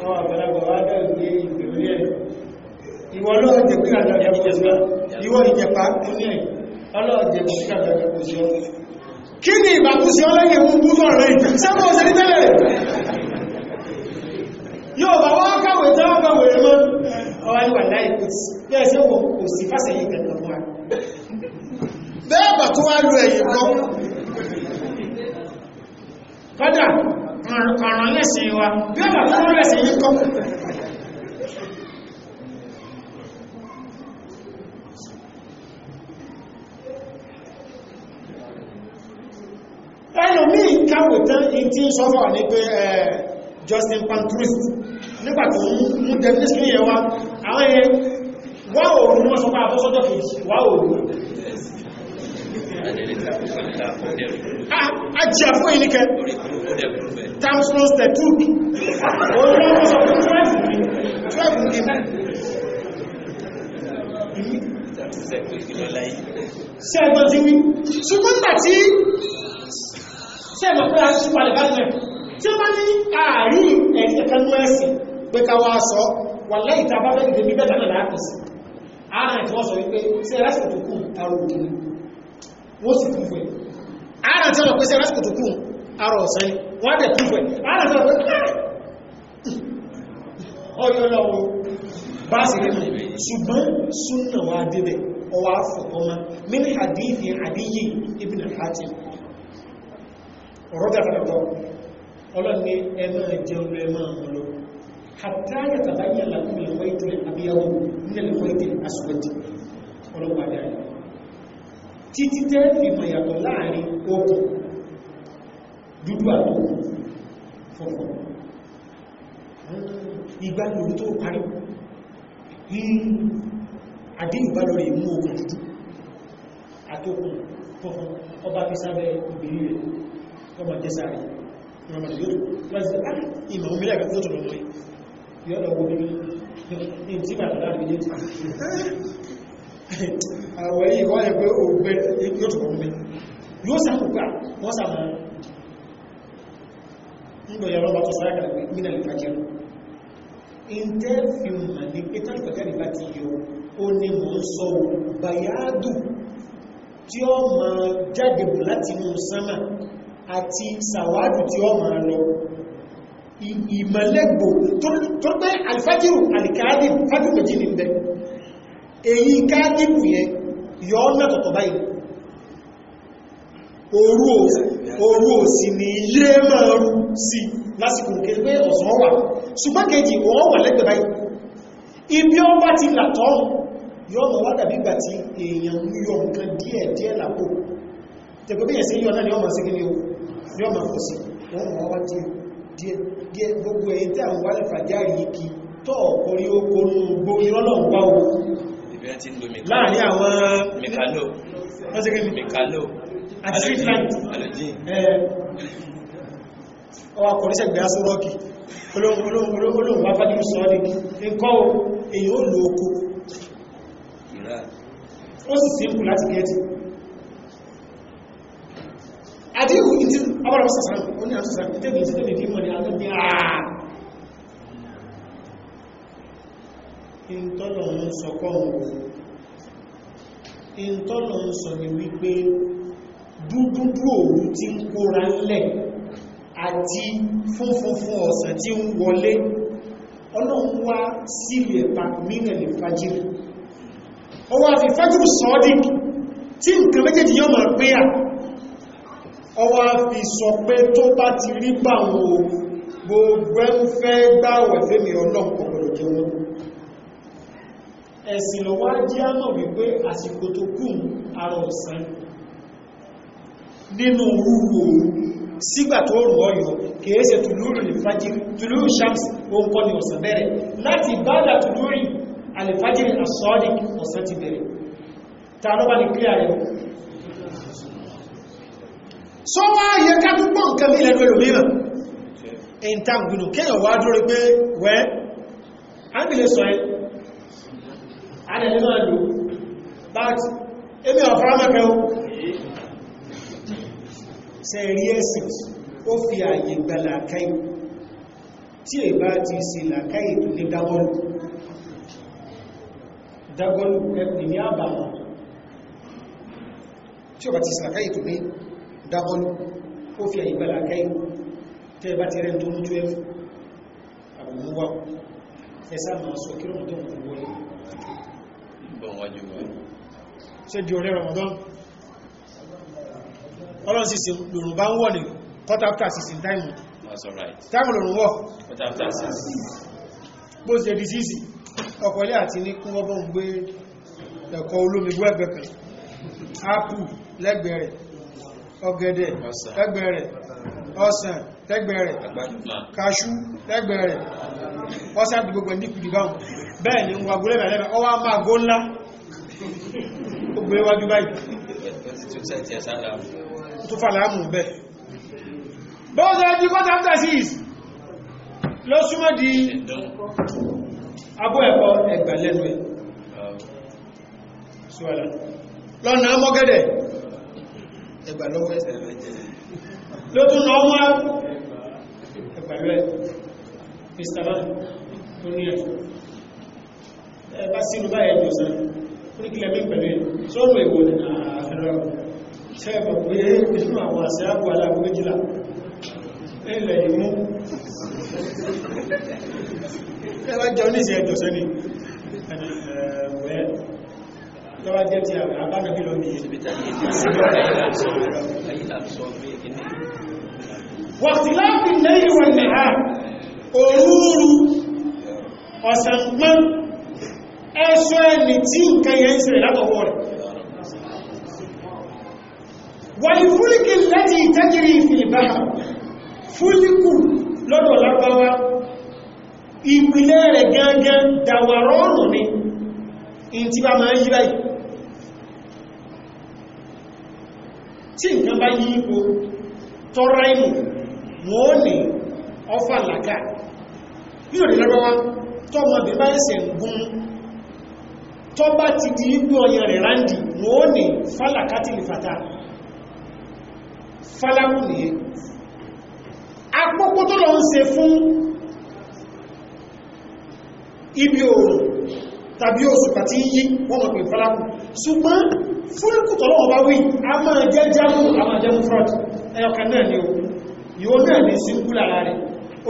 àwọn àgbàlagbà wá dẹ̀gbé ìgbèrú ẹ̀ ìwọ ọlọ́ọ̀jẹ̀ pé àjọ̀dẹ̀ kò sí ìwọ ìjẹ̀pá tó ní ẹ̀ ọlọ́ọ̀jẹ̀ pé àjọ̀dẹ̀ kò sí ọ kí ni ìbàkúsí ọlẹ́yìn ń bú sọ̀rọ̀ rẹ̀ sẹ́kọ̀ọ́sẹ̀ ní tẹ́lẹ̀ láyé wà láyé kò sí bẹ́ẹ̀ sí wọn kò sí fásẹ̀yìn kankan fún wa bẹ́ẹ̀ bà tó wá lu ẹ̀yìn lọ kọ́dà ọ̀ràn lẹ́sìn wa bẹ́ẹ̀ bà tó wá lẹ́sìn yìí kọ́ ẹlòmíì káwò tán tí ń sọ́fọ̀ ní pé Justin Pantrist nígbàtí mú definition yẹ wá àwọn ẹ̀yẹ wá òòrùn wọ́n sọ pé àbọ́sọ́jọ́ kejì wá òòrùn ajá ah, fún ìníkẹ times one step two òòrùn wọ́n sọ pé twelve ní twelve ní sí ẹgbọ́n ti wí ṣùgbọ́n gbà tí sẹ́ẹ̀mọ̀ pé a ṣùpàlẹ̀ bá lẹ̀ tí ó bá ní ààrí ẹ̀kẹ́kẹ́ mú ẹ̀sìn pé ká wá sọ wà lẹ́yìn tàbá fẹ́ ìdè bí bẹ́tà náà láàpẹ̀ sí ara àti wọ́n sọ wípé sí ẹ̀rásìkò tó kù àrò òkèrè wọ́n sì kún fẹ́ ara àti wọ́n pé sí ẹ̀rásìkò tó kù àrò ọ̀sán wọ́n dẹ̀ kún fẹ́ ara àti wọ́n pé ọyọ́ ah! lọ́wọ́ bá sì rí ṣùgbọ́n súnà wà débẹ̀ ọwọ́ àfọ̀tọ́mọ́ min hadithi àdíyí ibn al-hatim ọ̀rọ̀ gàfẹ́ lọ́tọ́ ọlọ́ni ẹ máa jẹun ẹ máa mú lọ́wọ́ hatta ya tabayyana lakum al-khayt al-abyad min al-khayt al-aswad ọ̀rọ̀ wà dáadáa títí tẹ́ fi mọ̀ yàtọ̀ láàrin òkú dúdú àtòkù fọ́fọ́ ìgbà lórí tó parí ní àdíyùbá lórí mú òkú dúdú àtòkù fọ́fọ́ ọba fi sábẹ́ obìnrin rẹ̀ ọmọ jẹ́sàrí ọmọ jẹ́sàrí yọ́ lọ wo bí i tí bàtà láti ilé tí àwẹ̀ yìí wọ́n yẹ pé ògbẹ́ yóò tó wọ́n mi yóò sàkópa wọ́n sàmà nígbà yàrá ọba tó sọ àgbà pé mí nàlẹ́ fàjẹ́ lọ ìntẹ́ fi mà ní pé tàbí bá ti yọ ó ní mò ń sọ bàyáàdù tí ó máa jáde bù láti mú sánmà àti sàwádù tí ó máa ìmọ̀lẹ́gbò tó pẹ́ alifájírù alìkáàdìbù fájírù méjì ní bẹ èyí káàdìbù yẹ yọ mẹ́tọ̀tọ̀ báyìí òru òsì ní ilé máa rú sí lásìkò kéèké ọ̀sán wà ṣùgbọ́n kejì wọ́n wà lẹ́gbẹ̀ẹ́ báyìí ibi ọ bá ti làtọ́ yọ mọ̀ wá dàbí ìgbà tí èèyàn ń yọ nǹkan díẹ̀ díẹ̀ làpò tẹ̀gbẹ́ bí yẹn sí yọ ó díẹ̀ gbogbo èyí tí àwọn wálẹ̀ fàjá yìí kí tọ́ ọ̀kọrí oko ní gbogbo ìrọ́lọ́pá o láàrin àwọn mekano mekano àti streetlight ọwà kọ̀rísẹ̀gbẹ̀ asúrọ́kì olóhùn wáfájú sọ́ọ́dìkì nǹkan èyí ó lò oko ó sì sí ìpù láti gẹ́ẹ̀tì àti ìhùn ìtí ọmọlọ́wọ́ sàṣánà ó ní àṣìṣà títẹ̀mì ìsìnkú ìdí mọ̀ ní alẹ́bí àà ìntọ́lọ̀ ń sọ kọ́ọ̀wò ìntọ́lọ̀ ń sọ ní wípé dúdúdú òru tí ń kóra ńlẹ̀ àti fúnfúnfún ọ̀sán tí ń wọlé ọlọ́run wá sílẹ̀ ẹ̀pà mínẹ̀lẹ̀ fájírì ọwọ́ àfi fájírì tí nǹkan méjèèjì yóò máa pé à ọwá fi sọ pé tó bá ti rí bá wọn gbogbo ẹ ń fẹ́ gbáwẹ̀ fẹ́mi ọlọ́pọ̀ gbọ́dọ̀ jẹ wọn ẹ̀sìn lọ́wọ́ jẹ́ àmọ̀ wípé àsìkò tó kù ara ọ̀sán nínú wúwo sígbà tó rùn ọyọ kìí ṣe tùlúrù alìfájìrì tùlúrù shams òun kọ́ ni ọ̀sán bẹ̀rẹ̀ láti bádà tùlúrù alìfájìrì asọ́ọ̀dì ọ̀sán ti bẹ̀rẹ̀ ta ló bá ní kílíà rẹ̀ sọ wá yẹ ká tó pọ̀ nǹkan bí lẹ́nu ẹlòmíràn ẹ̀yìn tá gbìnú kéèyàn wá dúró pé wẹ́ ábìlẹ̀ sọ ẹ́ adẹ̀lẹ́ máa lò but èmi ọ̀fọ́ra mẹ́fẹ́ ó ṣe rí ẹ̀sìn ó fi ààyè gba làákàyè tí è bá ti ṣe làákàyè tó lè dágọ́lù dágọ́lù ẹ̀pìn ní àbàmọ́ tí ó bá ti ṣe làákàyè tó lè dábọ́lú ó fi àyíbálà kẹ́yìn tẹ́ bá ti rẹ̀ tó mújú ẹ̀fù àbùmúwá ẹ̀sá máa sọ kí rọ̀mọ̀dán kò wọlé ṣẹ́jú ọ̀rẹ́ rọ̀mọ̀dán ọlọ́n sì sí lòrùn bá ń wọ̀ ní quarter after six in time time lòrùn wọ̀ bó ṣe di sísì ọkọ̀ ilé àti ní kún ọgbọ́n gbé ẹ̀kọ́ olómi wẹ́gbẹ̀ẹ́ kan ápù lẹ́gbẹ̀ẹ́ rẹ̀ ọ̀gẹ̀dẹ̀ tẹ́gbẹ̀ osan ọsàn tẹ́gbẹ̀ rẹ̀ osan tẹ́gbẹ̀ rẹ̀ ọsàn àti gbogbo ní kùdìbà bẹ́ẹ̀ ni wà gúnlẹ̀ mẹ́lẹ́mẹ́ ọwá máa gó ńlá ogbèwájú báyìí tó fà láàmù bẹ́ẹ̀ bọ́ọ̀sẹ̀ di abọ́ ẹ̀kọ́ ẹgbẹ̀lẹ́nu lọ́nà ẹgbà lọ́wọ́ ẹ̀ ló tún lọ wá ẹgbà lọ́wọ́ ẹ̀ mr man tó ní ẹ̀ ẹ bá sínú báyìí ẹ̀jọ̀ sàn ní kílẹ̀ mí pẹ̀lú ẹ̀ sọ́rọ̀ èwo ni àfẹ́rẹ́ ọ̀ sẹ́ẹ̀bọ̀ pé nínú àwọn àṣẹ àpò aláàbò méjìlá ilẹ̀ yìí mú ẹ bá jẹun ní ìṣẹ́ lọ́wọ́ jẹ́ ti àbánàbí lọ ní wàtíláàbì lẹ́yìn wọn ni ha òrúurú ọ̀sànpán ẹ̀ṣọ́ ẹni tí nǹkan yẹn ṣe látọ̀wọ́ rẹ̀ wàyí fúlìkì lẹ́tì ìtẹ́kiri ìfìlìbá fúlìkù lọ́dọ̀ lápáwá ìpìlẹ̀ rẹ̀ gángan dàwàrọ́rùn ni in bá máa yí báyìí tí nǹkan bá yí ipò tọ́rọ ìmù wọ́n ní ọfà làkà ní òní lọ́rọ́wá tọ́mọdé bá ẹsẹ̀ ń gún tọ́ bá ti di ipò ọyàn rẹ̀ ráńdì wọ́n ní fálàkà ti lè fàtà fálákù nìyẹn apọ́pọ́ tó lọ ń ṣe fún ibi òòrùn tàbí oṣù pàtí yí wọ́n mọ̀ pé fálákù ṣùgbọ́n fúrúkù tọ́lọ́wọ́ bá wí a máa jẹ́ jámù a máa jẹ́ mufrad ẹyọkà náà ni o yóò náà ni síngúlà ara rẹ̀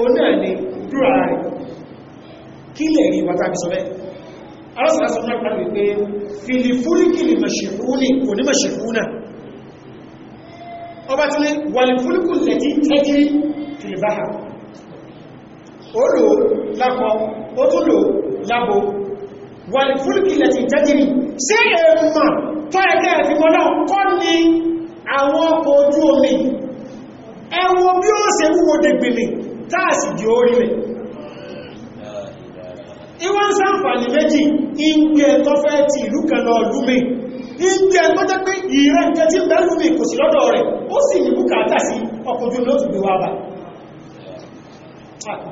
o náà ni dúrà ara rẹ̀ kí lè rí wata bí sọ́bẹ́ arásàásà náà pàdé wípé fìlì fúrúkì lè mọ̀ṣẹ̀fúnì kò ní mọ̀ṣẹ̀fúnà ọba tí wàlì fúrúkù lẹ́tí tẹ́kí fìlìbáhà ṣé èèmọ̀ tó ẹ̀kẹ́ ìfìmọ̀ náà kọ́ ni àwọn ọkọ̀ ojú omi ẹ bí ó ṣe wúwo dègbèlè táàsì di orílẹ̀ ìwọ́n sáǹfàní méjì ìgbẹ̀ tó fẹ́ ti ìlú kan lọ jẹ́ pé ìrẹ́ nǹkan tí lúmi kò sí lọ́dọ̀ rẹ̀ ó sì ní bùkátà sí ọkọ̀ ojú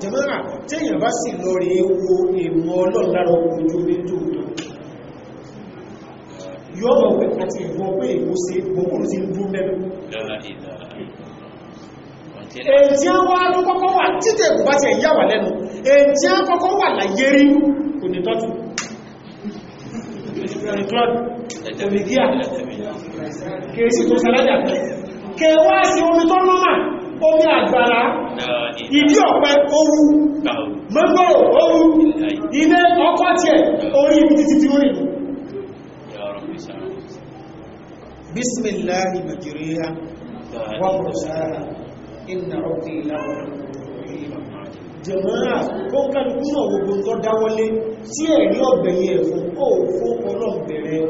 ti gbé wá ah, tí èèyàn bá sì lọ rí ewu èèmọ̀ ọlọ́run lára ọkọ̀ ojú tó yóò mọ̀ pé àti ìwọ̀n pé èkó se gbogbo ti ń dún mẹ́lú èyí wá ló kọ́kọ́ wà títẹ̀ bá ti ẹ̀yà wà lẹ́nu èyí kọ́kọ́ wà láyé rí onítọ́tù kèsì tó sàlájà kẹwàá sí omi tó nọ́mà omi àgbàrá ìdí ọ̀pẹ owú mọ́gbọ́rọ̀ owú ilé ọkọ̀ tí ẹ̀ orí ibi títí orí ìlú بسم الله wa mursaha إن rabbi lahu jẹ̀mọ́ra ó ń kálukú náà gbogbo tó dáwọlé tí ẹ̀rí ọ̀gbẹ̀yẹ ẹ̀fún kó fún ọlọ́gbẹ̀rẹ̀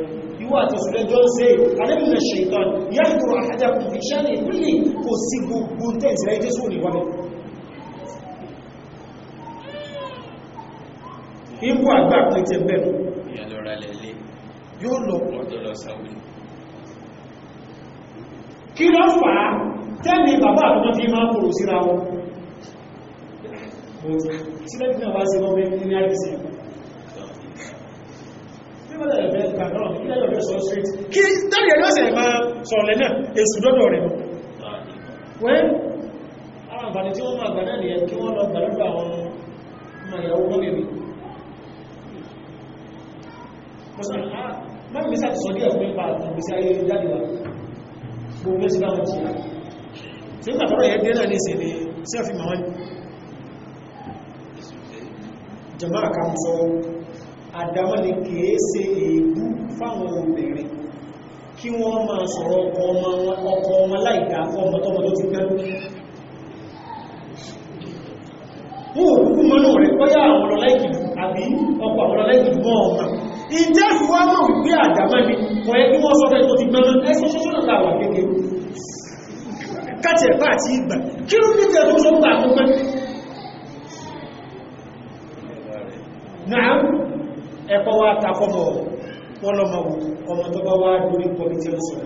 ìwọ àti ìsìnlẹ́jọ́ ń ṣe alẹ́bìnà ṣètàn yàtọ̀ àjákùn ìṣẹ́ ní ìpínlẹ̀ kò sí gbogbo tẹ́ẹ̀sìlẹ́ jésù níwọ́lẹ̀ ipò àgbà pẹ̀tẹ̀ bẹ̀rẹ̀ kí ló fà á tẹ́lẹ̀ bàbá àtọ́mọ́ fi máa kòrò síra wọn sílẹ̀kì náà wá sí wọn bẹ́ẹ̀ ní àìsí kí dáríẹ̀ lọ́sẹ̀ máa sọ̀rọ̀ náà èsù lọ́dọ̀ rẹ̀ wẹ́n àwọn àǹfààní tí wọ́n máa gbà náà nìyẹn kí wọ́n lọ gbà lọ́dọ̀ àwọn ọmọ ìyàwó wọ́n lè rí mọ́sàn-án máa ń gbé sàtìsọ́ ah, díẹ̀ fún ipa àtàgbèsí ayé jáde wà gbogbo sí láwọn sí tí ó gbàtọ́rọ̀ yẹ dẹ́nà ní sí ni sí àfi ma wọ́n jama àkàmsọ àdámọ́lé kèése èébú fáwọn obìnrin kí wọ́n máa sọ̀rọ̀ ọkọ̀ ọmọ láìdá fún ọmọ tọ́mọ tó ti gbẹ́ wọ́n ò kúkú mọ́nà rẹ̀ kọ́yá àwọn ọlọ́láìkì àbí ọkọ̀ àwọn ọlọ́láìkì mọ́ ọmọ ìjẹ́ ìfúwámọ̀ wípé àdámọ́ ni kọ̀ ẹ́ bí wọ́n sọ fẹ́ tó ti gbọ́n ẹsẹ̀ ṣọ́ṣọ́ náà láwà kéèké káàtì ẹ̀fà àti ìgbà kí ló ní tẹ́lú sọ gbà tó pẹ́ náà ẹ̀kọ́ wa takọ́mọ̀ pọ́lọmọ ọmọ tó bá wá lórí pọ́bí tí ó sọ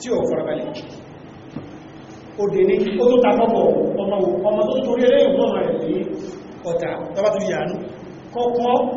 tí ó farabalẹ̀ òdè ní ó tó takọ́mọ̀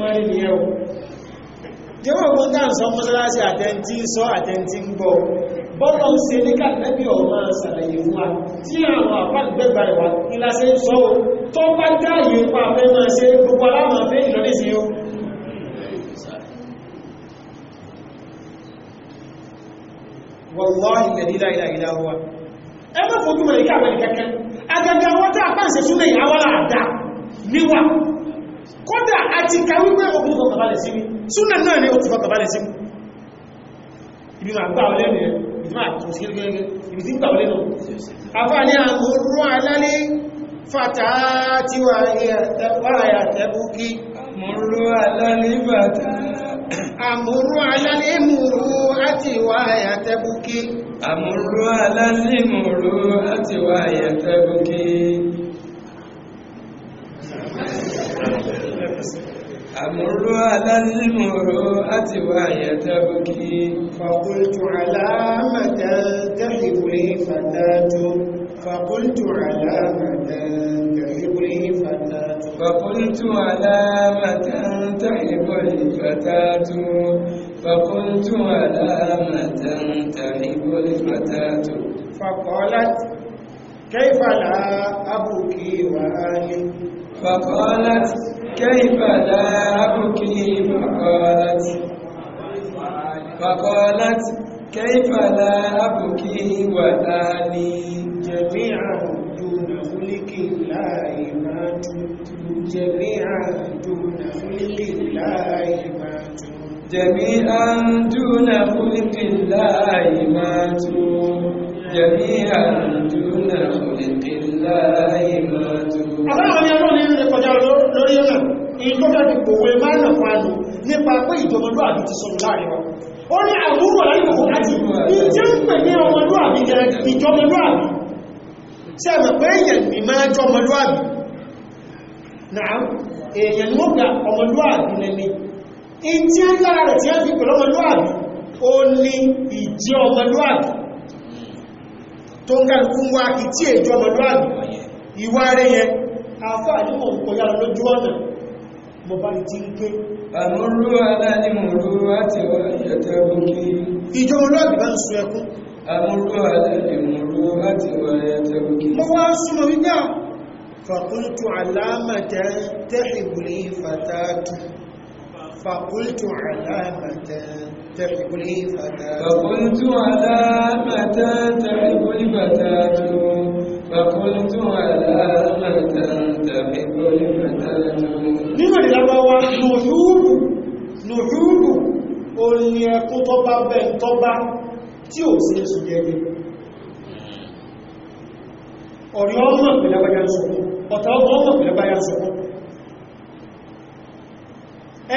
máa rí nìyẹn o jẹ́wọ́ ogun tá à ń sọ mọ́sálásí àtẹ́ntí ń sọ àtẹ́ntí ń gbọ́ bọ́lọ̀ ń ṣe ní kàtẹ́bí ọ̀rọ̀ máa wa tí àwọn àpáàgbẹ́gbà rẹ̀ wá sọ tó bá dáàyè pa abẹ́ máa ṣe gbogbo aláwọ̀ abẹ́ ìlọ́lẹ́sí o wọ́lọ́hì lẹ́dílá ìlà ìlà wa ẹ má fojú mọ̀ ní káàkiri kankan kódà àti kàwí pé ogun fọkàbalẹ̀ sí mi súnà náà ni ó ti fọkàbalẹ̀ sí mi ibi máa gbà ọlẹ́ rẹ̀ ibi máa tó sí gẹ́gẹ́ ibi tí ń gbà ọlẹ́ náà afá ní àwọn orúwọ́ alálé fàtà tí wà àyàtẹ́bùkí mọ̀rú alálé fàtà àmúrú alálé mùrú àti wà àyàtẹ́bùkí Thank you. أمر على المروءة ويتبكي فقلت على ما تلتحف لي فتاة فقلت على ما تلتحف لي فتاة فقلت على ما تلتحف لي فتاة فقلت على ما تلتحف لي فتاة فقالت كيف لا أبكي وأهل فقالت كيف لا أبكي فقالت فقالت كيف لا أبكي وأهلي جميعا دون خلق لا يمات جميعا دون خلق لا يمات جميعا دون خلق لا يمات جميعا دون nípa pé ìjọmọlú àbí ti sọ̀rọ̀ láàrin wọn ó ní àbúrò aláìkòkò láti ní tí ó ń pè ní ọmọlú àbí gẹ̀rẹ̀ ìjọmọlú àbí sí àmà pé èyàn ní máa jọmọlú àbí náà èyàn ní mọ́gbà ọmọlú àbí lẹ́ni in tí ó lára rẹ̀ tí ó fi pẹ̀lú ọmọlú àbí ó ní ìjẹ́ ọmọlú àbí tó ń kàrùkú ń wá kì tí èjọ ọmọlúwàbí ìwà rẹ̀ yẹn àfáà ní mọ̀ kọjá lójú ọ̀nà mo bá ti ń ké àmúrú aláìmọ̀rú àti ìyẹ̀tẹ̀ òkè ìjọ ọmọlúwàbí bá ń sun ẹkún تحب الفتاة فقلت على متى تحب الفتاة فقلت على متى تحب الفتاة nínú ìlànà wa nùhúrù nùhúrù o ní ẹkú tọ́bá bẹ́ tọ́bá tí ò sí èsù gẹ́gẹ́ ọ̀rẹ́ ọmọ ìpìlẹ̀ báyá sọ̀rọ̀ ọ̀tà ọmọ ìpìlẹ̀ báyá sọ̀rọ̀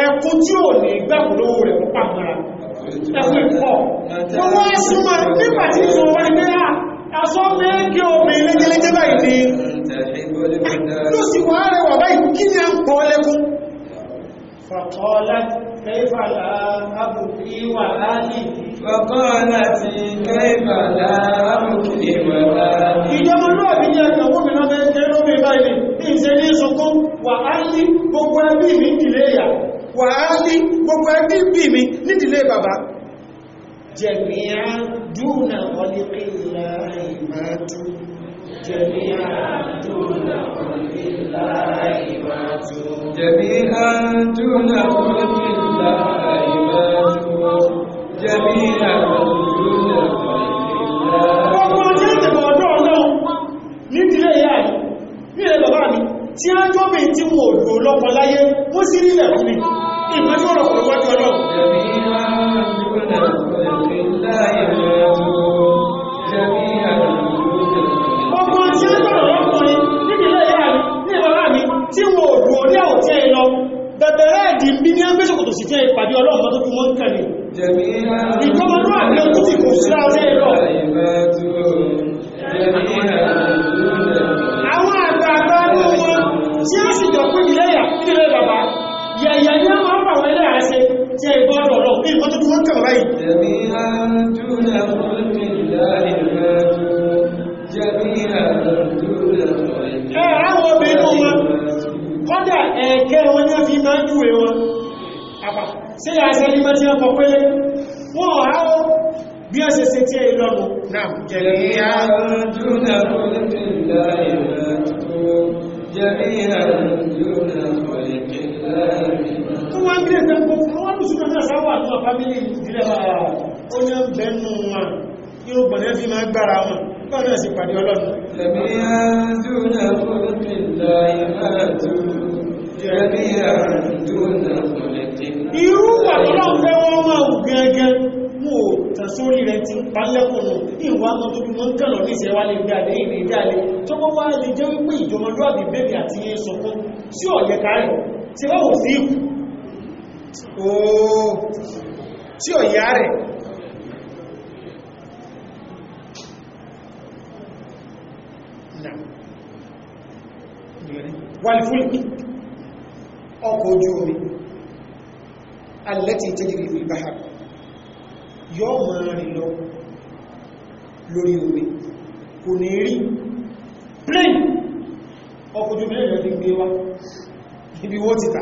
ẹ̀kú tí ò ní gbàgbòlówó rẹ̀ púpà mọ́ra ẹ̀kú ìpọ̀ wọ́n wá súnmọ́ nígbà tí ìṣòro wá ní à ah, aṣọ méjì omi lẹ́gẹ́lẹ́gẹ́ báyìí ni ló sì wá rẹ̀ wà báyìí kí ni a ń pọ̀ lẹ́kún فقالت كيف لا أبكي وأهلي فقالت كيف لا أبكي وأهلي ìjọba náà bí ní ẹgbẹ̀ owó mi náà mẹ́rin kẹrọ mi báyìí ní ìṣẹ́lẹ̀ ìṣòkó wà á ní gbogbo ẹbí ìdílé ìyà wà á ní gbogbo ẹbí bí mi nídìlé bàbá jẹ̀míà dúnà ọlẹ́pẹ́ ìlà ìmáàtú jẹ̀míà dúnà ọlẹ́pẹ́ ìlà ìmáàtú jẹ̀míà dúnà ọlẹ́pẹ́ ìlà ìmáàtú jẹ̀míà dúnà ọlẹ́pẹ́ ìlà ìmáàtú ọkọ̀ jẹ́ ìtẹ̀bọ̀ ọ̀dọ́ ọlọ́run nídìlé ìyá mi nílé bàbá mi tí a jọ́bẹ̀ tí wọ́n lò lọ́pọ̀ láyé wọ́n sí nílẹ̀ fún mi ìmọ́jú pẹ̀lú wájú ọlọ́run ọmọ tí bẹ̀bẹ̀rẹ̀ ẹ̀dì bí ní ẹgbẹ́sọ̀kòtò sí jẹ́ ìpàdé ọlọ́run tó fi mọ́ kẹ́ ni ìkọmọdún àti ọdún kò sí láàrín ẹ̀rọ tí a sì jọ pé ìlẹ́yà nílé bàbá yẹ̀yẹ̀ ní àwọn àpàwọn ilé àṣẹ tí ẹ gbọ́dọ̀ lọ ní ìkọ́ tó tó wọ́n kàn láì àwọn obìnrin wọn kọ́dà ẹ̀ẹ̀kẹ́ wọn ní fi máa ń júwe wọn àpà sí àṣẹ ní mẹ́tí ọkọ̀ pé wọ́n àwọ́ bí ọ̀ṣẹ̀ ṣe tí ẹ lọ́nà náà jẹ̀lẹ̀ jẹ́míyà yóò náà kọ̀lẹ̀ kẹ́lá ìrìnà. Tó wá ń gílẹ̀ tẹ́kọ̀ọ́ fún àwọn mùsùlùmí náà sáwà tó wà fámílì ìdílẹ̀ wa, ó ní ń bẹ́nu wọn, yóò gbọ̀nẹ́ fi máa gbára orí rẹ̀ ti ń pa lẹ́kùnù ìwà ọmọ tó dúnmọ́ ń kànlọ ní ìṣẹ́wà lè gbé àdé ìrìn ìdáàlé tó bọ́ wá lè jẹ́ wípé ìjọmọdúwàbí bèbè àti yẹn sọkún sí ọ̀yẹ̀ kárẹ̀ tí wọ́n wò sí ìkù ooo tí ọ̀yẹ̀ rẹ̀ wàlfúlì ọkọ̀ ojú omi yóò máa rìn lọ lórí omi kò ní rí plane ọkọ̀ ojú mẹ́rin ọdún gbé wá ibi wó ti tà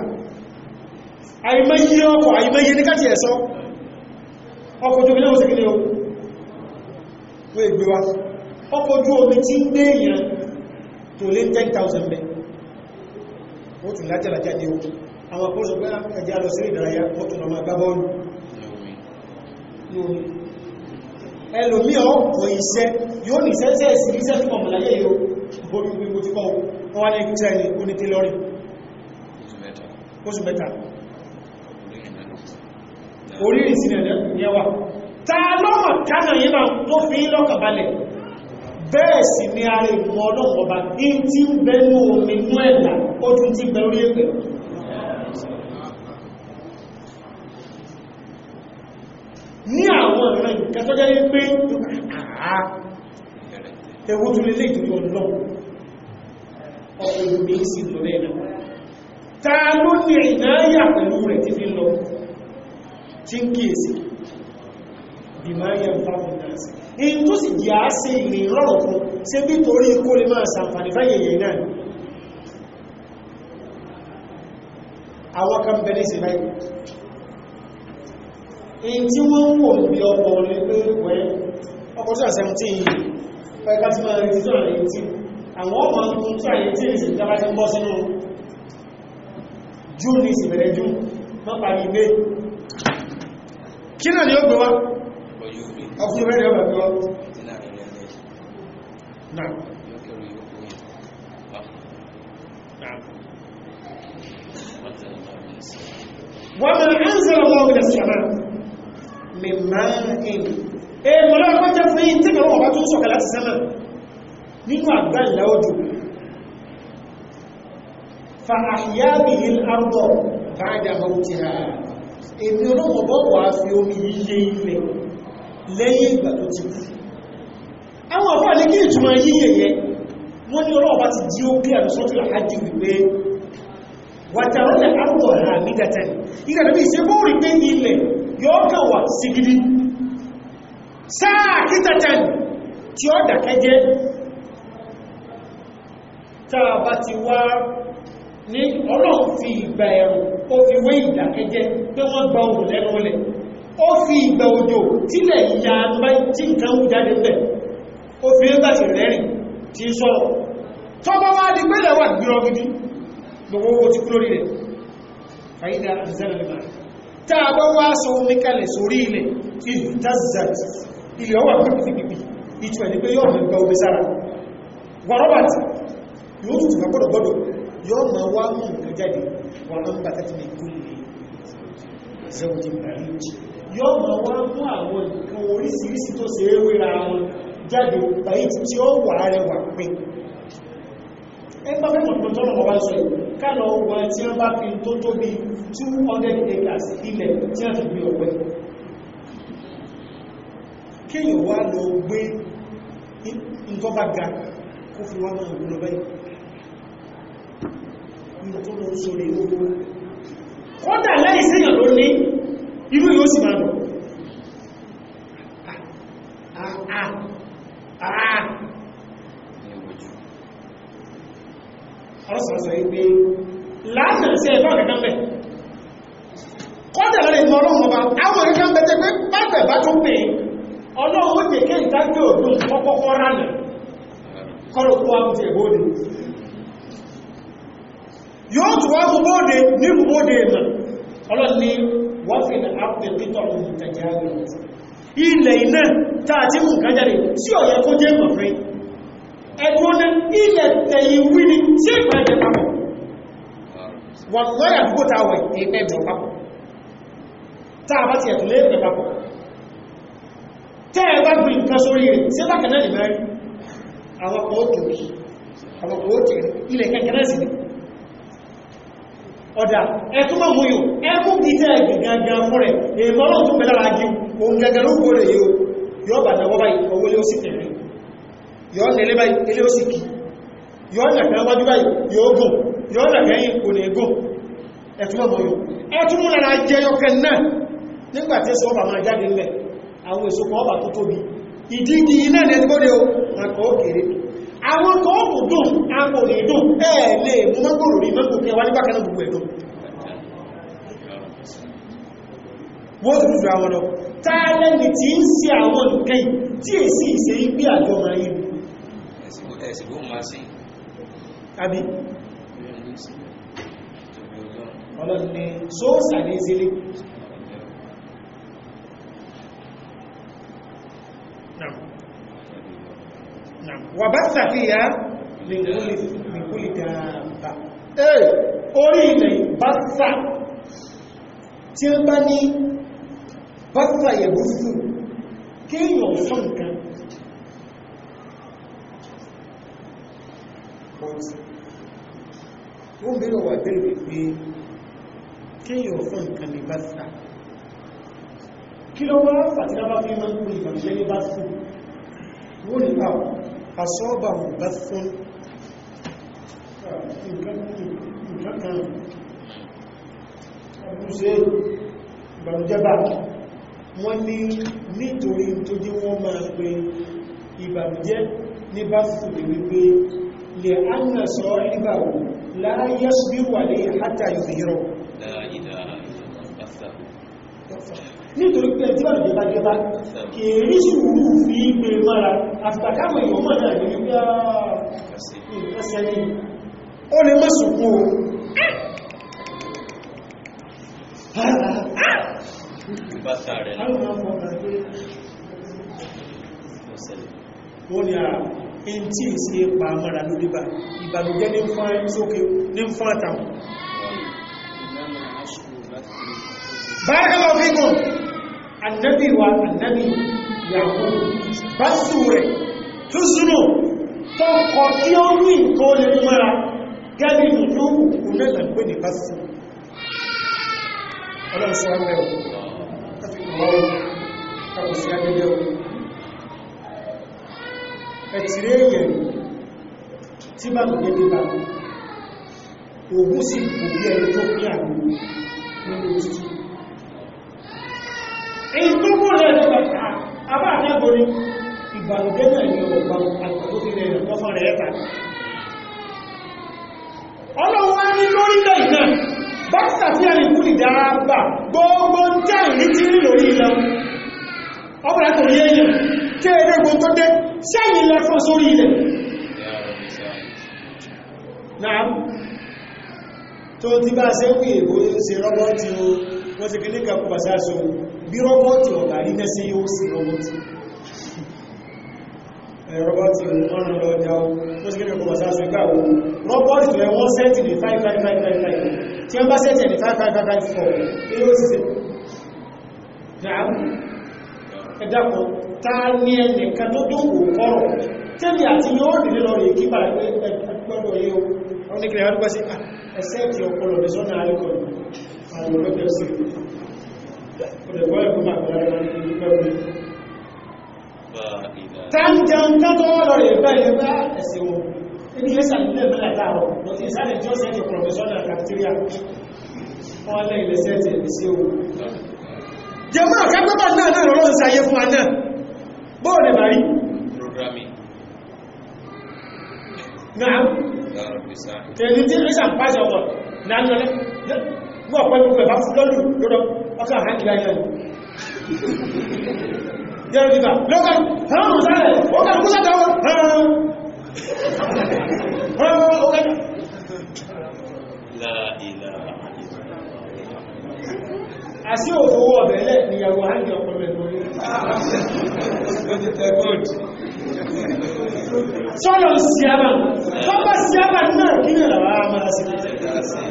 àìmẹ́yí ọkọ̀ àìmẹ́yí ní káti ẹ̀sọ́ ọkọ̀ ojú mẹ́rin ọdún gbé wọ́n gbé wá ọkọ̀ ojú omi tí ń gbé èèyàn tó lé 10,000 mẹ́ ó tún lájàlájá dé ó àwọn akọ́sọ̀gbẹ́ ah, ẹjá lọ sí ìdárayá ó tún lọ yóò ẹlòmí ọ̀pọ̀ iṣẹ́ yóò ní sẹ́sẹ́ sí iṣẹ́ tí kọmọ̀lá yẹ́ yóò borí gbogbo tí kọ́ wọ́n ní tẹ́ ní oníté lọ́rí oṣù mẹ́ta orí ìsinẹ̀ yẹwà ta lọ́mọ̀ kánà yí máa tó fi lọ́kàbalẹ̀ bẹ́ẹ̀ sì ni a rẹ̀ mọ́ ọlọ́pọ̀ bá ní tí ń bẹ́ẹ̀ ní omi mú ẹ̀dà ó tún ti bẹ́ẹ̀ orí ẹgbẹ̀rún ní àwọn ìran nǹkan tó jẹ́ pé ẹwọ́ tó lè léjì lọ lọ ọkùnrin mi sì lọ lẹ́nà ta ló ní ìnáyà pẹ̀lú rẹ̀ ti fi lọ tí ń kíyèsí bí máa yẹ ìfàkùn náà sí èyí tó sì jẹ́ á sí ìrìn rọrùn fún ṣe bí torí kó lè máa sàǹfàní fáyẹ̀yẹ̀ náà àwọn kan bẹ̀rẹ̀ sí báyìí In tí wọ́n ń wò níbi ọkọ̀ orí pé wẹ́ ọkọ̀ tí a 17 pẹ̀ká tí máa rí tí sọ̀rọ̀ èyí tí àwọn ọmọ ọdún tí a yìí tí èsì ìjọba ti ń bọ́ sínú june ní ìsìnbẹ̀rẹ̀ june má parí ilé kí náà ni ó gbé wá ọkùnrin rẹ̀ ni ó gbé wá náà ومن أنزل الله من mẹ́màáìn èèmọ̀ lọ́pọ̀ jẹ́ fún yí tí mẹ́wọ̀n bá tún sọ̀kà láti sẹ́mẹ̀ nínú àgbà ìlà òjò fa àhìyá bí i àrùbọ̀ báyà mọ́tí ha èmi olóòwò bọ́ wà fi omi yíyé ilẹ̀ lẹ́yìn ìgbà tó ti kú àwọn ọ̀fọ́ ní kí ìtumọ̀ yíyé yẹ wọ́n ní olóòwò bá ti di pé ilẹ̀ yóò kàn wà sígidi sáà kítàtàn tí ó dàkẹ́jẹ́ tàà bá ti wá ní ọlọ́run fi ìgbà ẹ̀rùn ó fi wé ìdàkẹ́jẹ́ pé wọ́n gba ohun lẹ́nu ọlẹ̀ ó fi ìgbà òjò tílẹ̀ ìyá bá tí nǹkan wù jáde bẹ̀ ó fi ń bàtì rẹ́rìn tí sọ̀rọ̀ tọ́bọ́ wá di pẹ́lẹ̀ wà gbírọ́ gidi gbogbo owó ti kúrò rí rẹ̀ fàyídà àzẹ́rẹ̀ lẹ́bàá tá a bá wá sọ omi kalẹ̀ sórí ilẹ̀ ìdázzat ilẹ̀ ọwà pípìpìpì ìtù ẹ̀ ní pé yóò mẹ́gbà omi sára wà robert yóò tutù ma gbọ́dọ̀ gbọ́dọ̀ yóò ma wá mú nǹkan jáde wà ló ń bá tẹ́tí ní kú ní zẹ́wọ̀dì marriage yóò ma wá mú àwọn nǹkan oríṣiríṣi tó ṣe é wéra wọn jáde báyìí tí ó wà rẹwà pín ẹgbà mẹ́kùn tó tọ́lọ̀ wọ́n wá sọ kálọ̀ wọ́n tí wọ́n bá fi tó tó bí 200 acres ilẹ̀ tí wọ́n fi gbé ọ̀pẹ kéèyàn wá lọ gbé nǹkan bá ga kó fi wọ́n náà lọ báyìí nínú tó lọ sórí owó kódà láì séèyàn ló ní irú yóò sì ọ̀sọ̀ọ̀sọ̀ wípé láàrínsẹ̀ ẹ̀fọ́ kẹ̀kẹ́ bẹ̀ kọ́dà rẹ̀ mọ́ ọlọ́run ọba àwọn kẹ̀kẹ́ bẹ̀ tẹ́ pé pàtẹ̀ bá tó pè ọlọ́run ó jẹ́ kẹ́ ìdájọ́ òdùn kọ́kọ́kọ́ ránà kọ́lọ̀ kó àwọn ti ẹ̀bọ́dé yóò tù wá mú bóde ní bóde ẹ̀nà ọlọ́run ni wọ́n fi ní àpè pítọ̀ ilẹ̀ iná tá a ti mú kájáde sí ọ̀yẹ́ kó jẹ́ mọ̀fẹ́ ẹ̀dùn ní ilẹ̀ tẹ̀yí wí ni tí ìgbà ẹ̀jẹ̀ papọ̀ wọ́n lọ́yà àdúgbò tá a wẹ̀ ẹ̀pẹ́ ẹ̀jẹ̀ papọ̀ tá a bá ti ẹ̀tùlé ẹ̀pẹ́ papọ̀ tẹ́ ẹ bá gbìn nǹkan sórí rẹ̀ sí bákan náà nìbẹ̀ rí àwọn ọkọ̀ ó tóbi àwọn ọkọ̀ ó tẹ̀ ilẹ̀ kankan náà sì ni ọ̀dà ẹ̀tún mọ̀ mú yò ẹkún kìí tẹ́ ẹ̀gbẹ̀ gangan fún rẹ̀ èèmọ́ lọ́tún pẹ̀lára jí òun gangan ló gbọ́ rẹ̀ yóò yọ́ bàtà wọ́bá ìkọwọ́lé ó sì yọọ na-eleba báyìí ilé ó sì kí yóò nàkẹ́ wájú báyìí yóò gùn yóò nàkẹ́ yìí kò lè gùn ẹ̀túnmọ̀ mọ̀ yóò ẹtún lára náà nígbàtí ọba máa jáde àwọn èso kan ọba tó tóbi iná lẹ́gbọ́dẹ̀ o àwọn kan dùn lè dùn lè mú mọ́gbòrò rí mọ́gbò nígbàkan náà gbogbo wọ́n àwọn lọ lẹ́ni tí ń àwọn nǹkan tí èsì ìṣe gbé ẹ̀sìgbóhùn máa sí àbí ọlọ́run ni sóòsà ní ìsílé wà bá sàfíyà lè kúlì dáàbà ẹ̀ orí ilẹ̀ bá tí ó bá ní bá sà yẹ̀ bú fún nǹkan lọ́wọ́sí wọ́n bèèrè wà bèèrè wípé kéèyàn fún nǹkan ní bá sà kí lọ wọ́n pàtí lábá fi máa ń kú ìbànújẹ́ ní bá sùn wọ́n ní bá àṣọ́ọ̀bà wọn bá sùn nǹkan kan àbúṣe ìbànújẹ́ bá wọ́n ní nítorí tó jẹ́ wọ́n máa pe ìbànújẹ́ ní bá sùn ní wípé لأن صاحبه لا يصبر عليه حتى يظهره لا إله إلا الله nítorí pé ẹjọ́ ìjọba kèèrè ṣùgbùrù fi gbé mara àfìtàkàmù ìwọ̀mọ̀ náà ní wípé ẹsẹ̀ ní ó lè mọ́ sùkú o ó ní àà in tí ì sí pa mọ́ra lórí bá ìbànújẹ́ ní fún sókè ní fún àtàwọn báyẹ̀kọ́ fíkùn annabi wa annabi yàwó bá sù rẹ̀ tó súnú tó kọ̀ tí ó rí tó lè mọ́ra gẹ́lì ìlú òkúnlẹ̀ ẹ̀tìrí èyẹ̀ tí bá gbogbo ẹgbẹ́ bá ògùn sì kò ẹni tó àwọn èyí tó rẹ̀ lọ́gbà ni tí a lè kú ìdáàbà gbogbo jẹ́ ìrítí lórí ìlọ ọkùnrin dé sẹ́yìn lẹ fún sórí ilẹ̀ náà tó ti bá ṣe ń pè bó ṣe rọ́bọ́tì o wọ́n ti kílé kàkù bà sáàṣọ́ bí rọ́bọ́tì ọ̀gá rí mẹ́sí yóò sí rọ́bọ́tì rọ́bọ́tì ọ̀rọ̀ lọ́jà o wọ́n ti kílé kàkù bà sáàṣọ́ ìgbà o rọ́bọ́tì rẹ̀ wọ́n sẹ́tì ní 5555 tí wọ́n bá sẹ́tì ní 5554 kí ló sì ṣe ẹ̀dàkùn ta ní ẹnìkan tó tó wò kọ́rọ̀ tẹ́lẹ̀ àti yóò dìde lọ rè kí bàrẹ̀ pé ẹgbẹ́gbọ́dọ̀ yìí o wọ́n ní kìrìyà wọ́n sí ẹsẹ́ ti ọpọlọ rẹ̀ sọ́nà àríkọ̀ àwọn olóògbé sí ọdẹ̀gbọ́ ẹ̀kọ́ máa gbára jẹ́mọ́ àkágbẹ́bà náà náà lọ́rọ̀ ń sáyé fún àná bóòdè bá rí náà ẹni tí rísà pàṣẹ ọ̀pọ̀ náà lọ́lẹ́ mú ọ̀pọ̀ ẹgbẹ̀gbẹ̀ bá fún lọ́lù lọ́dọ̀ ọkà àkílá ilẹ̀ yẹ́rù dìbà lọ́kàn ọ̀rọ̀ sáré ọkàn kúsà dáwọ́ ọ̀rọ̀ àti òfòwò ọ̀bẹ̀lẹ̀ ìyàwó àjọ ọ̀pọ̀lẹ̀ ló ti tẹ gold sọ́nà síábà tó bá síábà náà kí ní àwọn máa sí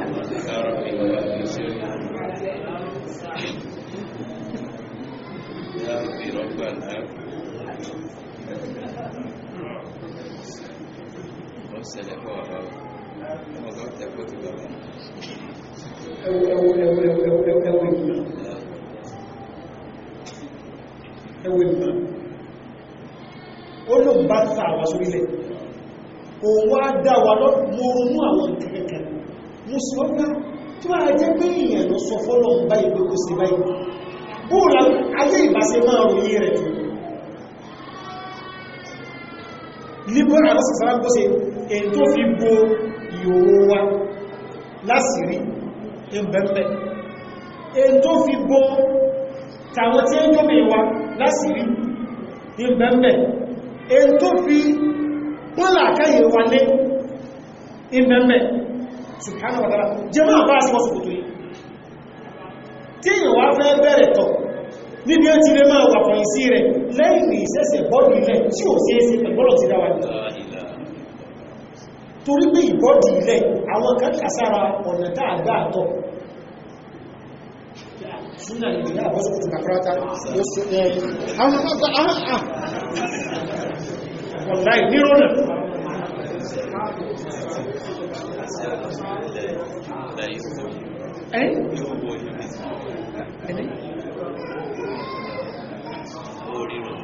Ẹwù tóun bá sa àwa sórí ilẹ̀ wá dá lọ mo àwọn kẹkẹkẹ mo tó bá jẹ́ pé èèyàn lọ sọ fọ́lọ́ báyìí pé kò sí báyìí bóòlà ayé ìbáṣe máa ròyìn rẹ̀ tó níbo àlọ́sàsára kó se èyí tó fi bo ìhòòhò wa lásìrí ẹgbẹ̀mẹ̀ èyí tó fi bo tàwọn tí ẹjọ́ mẹ́wa lásìrí ẹgbẹ̀mẹ̀ èyí tó fi pọ́nlá káyè wa lé ìmẹ́mẹ́ subhanahu wa ta'ala jẹ́mọ́ àbá àṣíwọ́sùn tó yìí tí èyàn wá fẹ́ bẹ̀rẹ̀ tọ̀ níbi ó ti lé máa wà pọ̀ sí rẹ̀ lẹ́yìn ìṣẹ́sẹ̀ bọ́ọ̀dù ilẹ̀ tí ò sí ẹsẹ̀ pẹ̀lọ́lọ̀ ti dáwà torí pé ìbọ́ọ̀dù ilẹ̀ àwọn kan kàsára ọ̀nà táàgbà àtọ̀ súnà ìgbìyà àbọ́sùn tó kàkọ́rátà wọ̀láì nírọ̀nà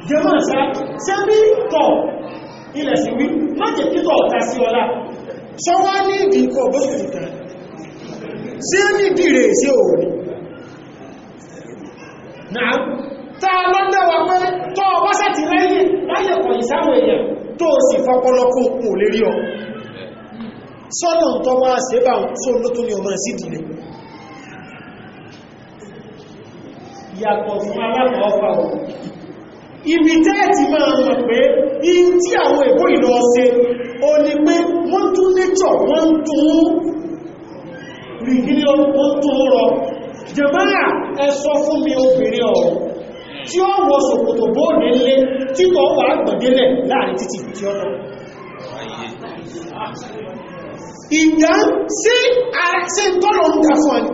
jẹmọ́ sá sẹ́bí tọ̀ ilẹ̀ sí wí má jẹ́ títọ̀ ọ̀ta sí ọlá sọ wá ní ìdíkọ̀ bọ́sùn ìkan sí ní ìdí sí òòrùn táyẹ̀ kọ̀yìn sáwọn èèyàn tó sì fọpọlọpọ̀ òun lè rí ọ sọ́nà tó wá sẹ́bà sóòló tó ní ọmọ sí ìdílé yàtọ̀ fún aláàmà ọfà ò ibi tẹ́ẹ̀tì máa mọ̀ pé in tí àwọn èkó ìlọ ṣe o ní pé wọ́n tún lẹ́jọ́ wọ́n tún rìgílẹ̀ wọ́n tún rọ jẹ̀máà ẹ sọ fún mi obìnrin ọ̀rọ̀ tí ó wọ ṣòkòtò bóòdé lé títọ́ wà gbọ̀délẹ̀ láàrin títì tí ó tọ́ ìdá sí ara sí tọ́lọ̀ ń dà fún ẹni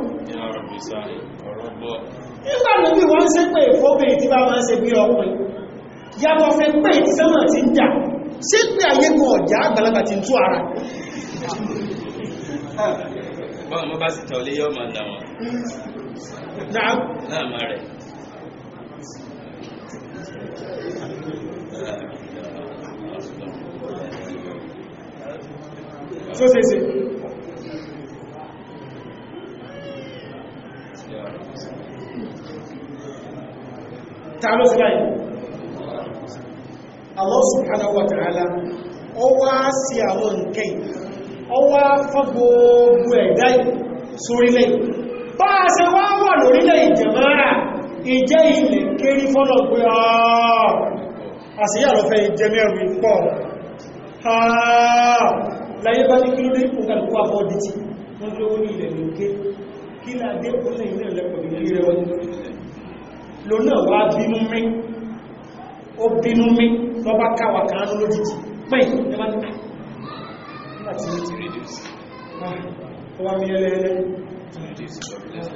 nígbà lóbi wọ́n ń ṣe pé ìfọ́bẹ̀ tí bá wọ́n ń ṣe bí ọkùnrin yàtọ̀ fẹ́ pé ìtìsẹ́mọ̀ ti ń dà sí pé ayé kan ọ̀já àgbàlagbà ti ń tú ara bọ́n mọ́ bá sì tọ́lé yọ́ máa dà wọ́n láàmà rẹ̀ tó ṣe ṣe ta ló sí báyìí Allah subhanahu wa ta'ala ó wá sí àwọn nǹkan ó wá fọ́ ẹ̀dá sórílẹ̀ bá a ṣe wá wà lórílẹ̀ ìjẹ̀mọ́ra ìjẹ́ ilẹ̀ kéré fọ́lọ̀ pé àṣíyà lọ fẹ́ ìjẹ mẹ́rin pọ̀ láyé bá ní kílódé òkàlùkù àfọ́dí tí wọ́n lówó ní ilẹ̀ lókè kí ládé ó lè ilẹ̀ lẹ́pọ̀ ìrírẹ́ wọn lónà wá bínú mi ó bínú ah, ah, ah, mi lọ́bá káwà kánú lójìtì pẹ́yìn ẹbá ní láti ní ti rédíòsì ọwá mi ẹlẹ́ẹ̀lẹ́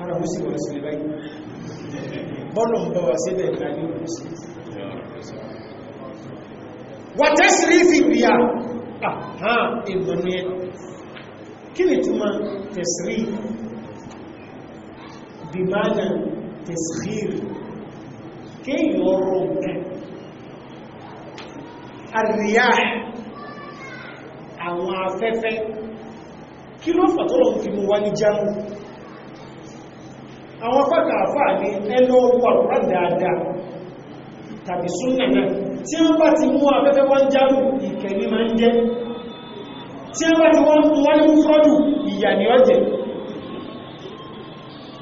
ara ó sì wọ́n sílẹ̀ báyìí bọ́nà ń bọ́wà sílẹ̀ ìdájú òkúsí wàtẹ́sìrí fi bíyà àhá ìgbọ̀nú ẹ kí ni túnmà tẹ̀sìrí bí máa nà tẹ̀sìrí kéèyàn ọrọ̀ nǹkan àríyá àwọn afẹ́fẹ́ kí ló fàtọ́lọ̀ fi mú wá ní jámù àwọn fàkà àfà ní ẹlọ ọgbà ọ̀rọ̀ dáadáa tàbí súnnà náà tí wọ́n bá ti mú afẹ́fẹ́ wọ́n járù ìkẹ̀lú máa ń jẹ́ tí wọ́n bá ti wọ́n wọ́n ní fọ́dù ìyà ni ó jẹ́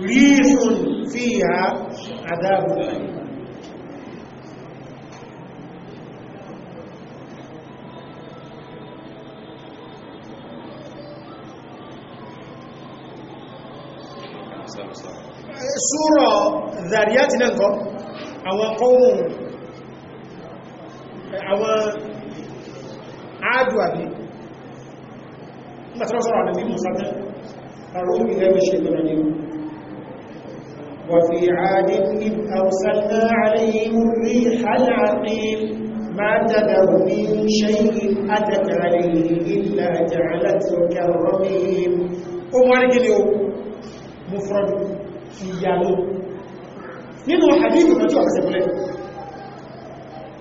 rí ìfún fíhà àdáàbò súrọ̀ zariyati náà kọ́ àwọn kọ́wọ́n àwọn àádùwàbí nígbàtí wọ́n sọ́rọ̀ àdàbí musamman àrùn ìrẹ́ mẹ́ṣẹ́ lọ́rọ̀ ní وفي عاد إذ أرسلنا عليهم الريح العقيم ما تذر من شيء أتت عليه إلا جعلته كالرميم أمرك اليوم مفرد ti ya ló nínú àdíkù lọ́jọ́ àfẹsẹ̀kúnlẹ̀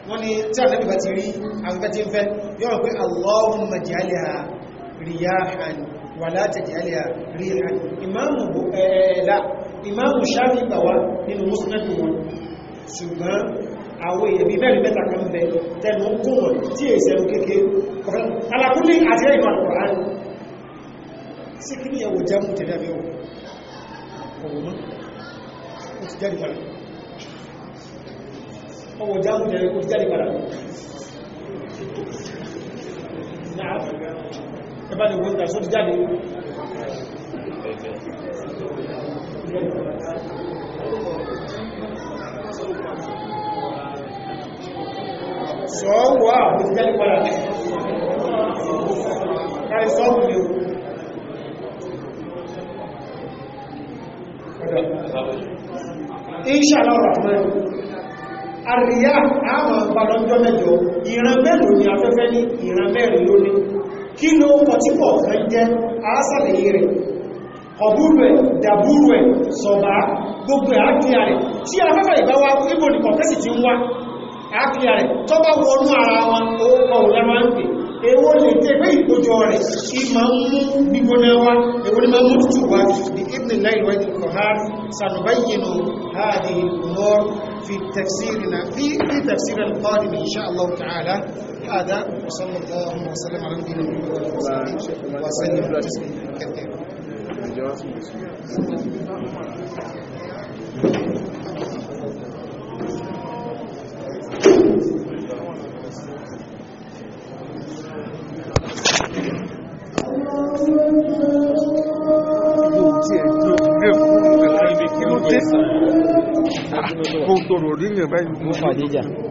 wọ́n ni tí a lẹ́bí bá ti rí afẹ́tí ń fẹ́ yọ́rọ̀ pé Allahumma ja'alha riyahan wà láti ja'alha rihan ìmáàmù ẹ̀ẹ̀lá ìmáàmù Ṣáfi gbàwá nínú Musnad wọn ṣùgbọ́n àwọn èèyàn bí mẹ́rin mẹ́ta kan bẹ tẹnu kún ọwọ̀mọ́ ó ti jáde padà ọwọ̀ jáàmù jẹ́ ó ti jáde padà ẹbá ni wọ́n tàṣó ti jáde sọ́ọ̀wọ́ àwọn ti jáde padà láì sọ́ọ̀wọ́ ni ó Inshallah Rahman àríyá àmà gbàdọ́jọ́ mẹ́jọ ìran mẹ́rin ni afẹ́fẹ́ ní ìran mẹ́rin ló ní kí ló kọ tí pọ̀ fẹ́ jẹ́ arásàlẹ̀ rẹ̀ ọ̀búrú ẹ̀ dàbúrú ẹ̀ sọ̀bá gbogbo ẹ̀ ápìá rẹ̀ tí afẹ́fẹ́ ìbáwá ibò nìkan kẹ́sì ti ń wá ápìá rẹ̀ tọ́bá wọnú ara wọn ó kọ̀ èwo lè tẹ́ pé ìkójọ rẹ̀ ìmọ̀ mú gbígbóná wá èwo ni máa mú tútù wá bí ibn láìlú ẹ̀dì kọ̀hán sànùbáyìnà hàdì mọ́ fi tafsirina fi tafsir al-qadim insha Allah ta'ala hada wa sallallahu wa sallam ala Kí ló dé? Ah, kó tọrọ rí yẹn báyìí.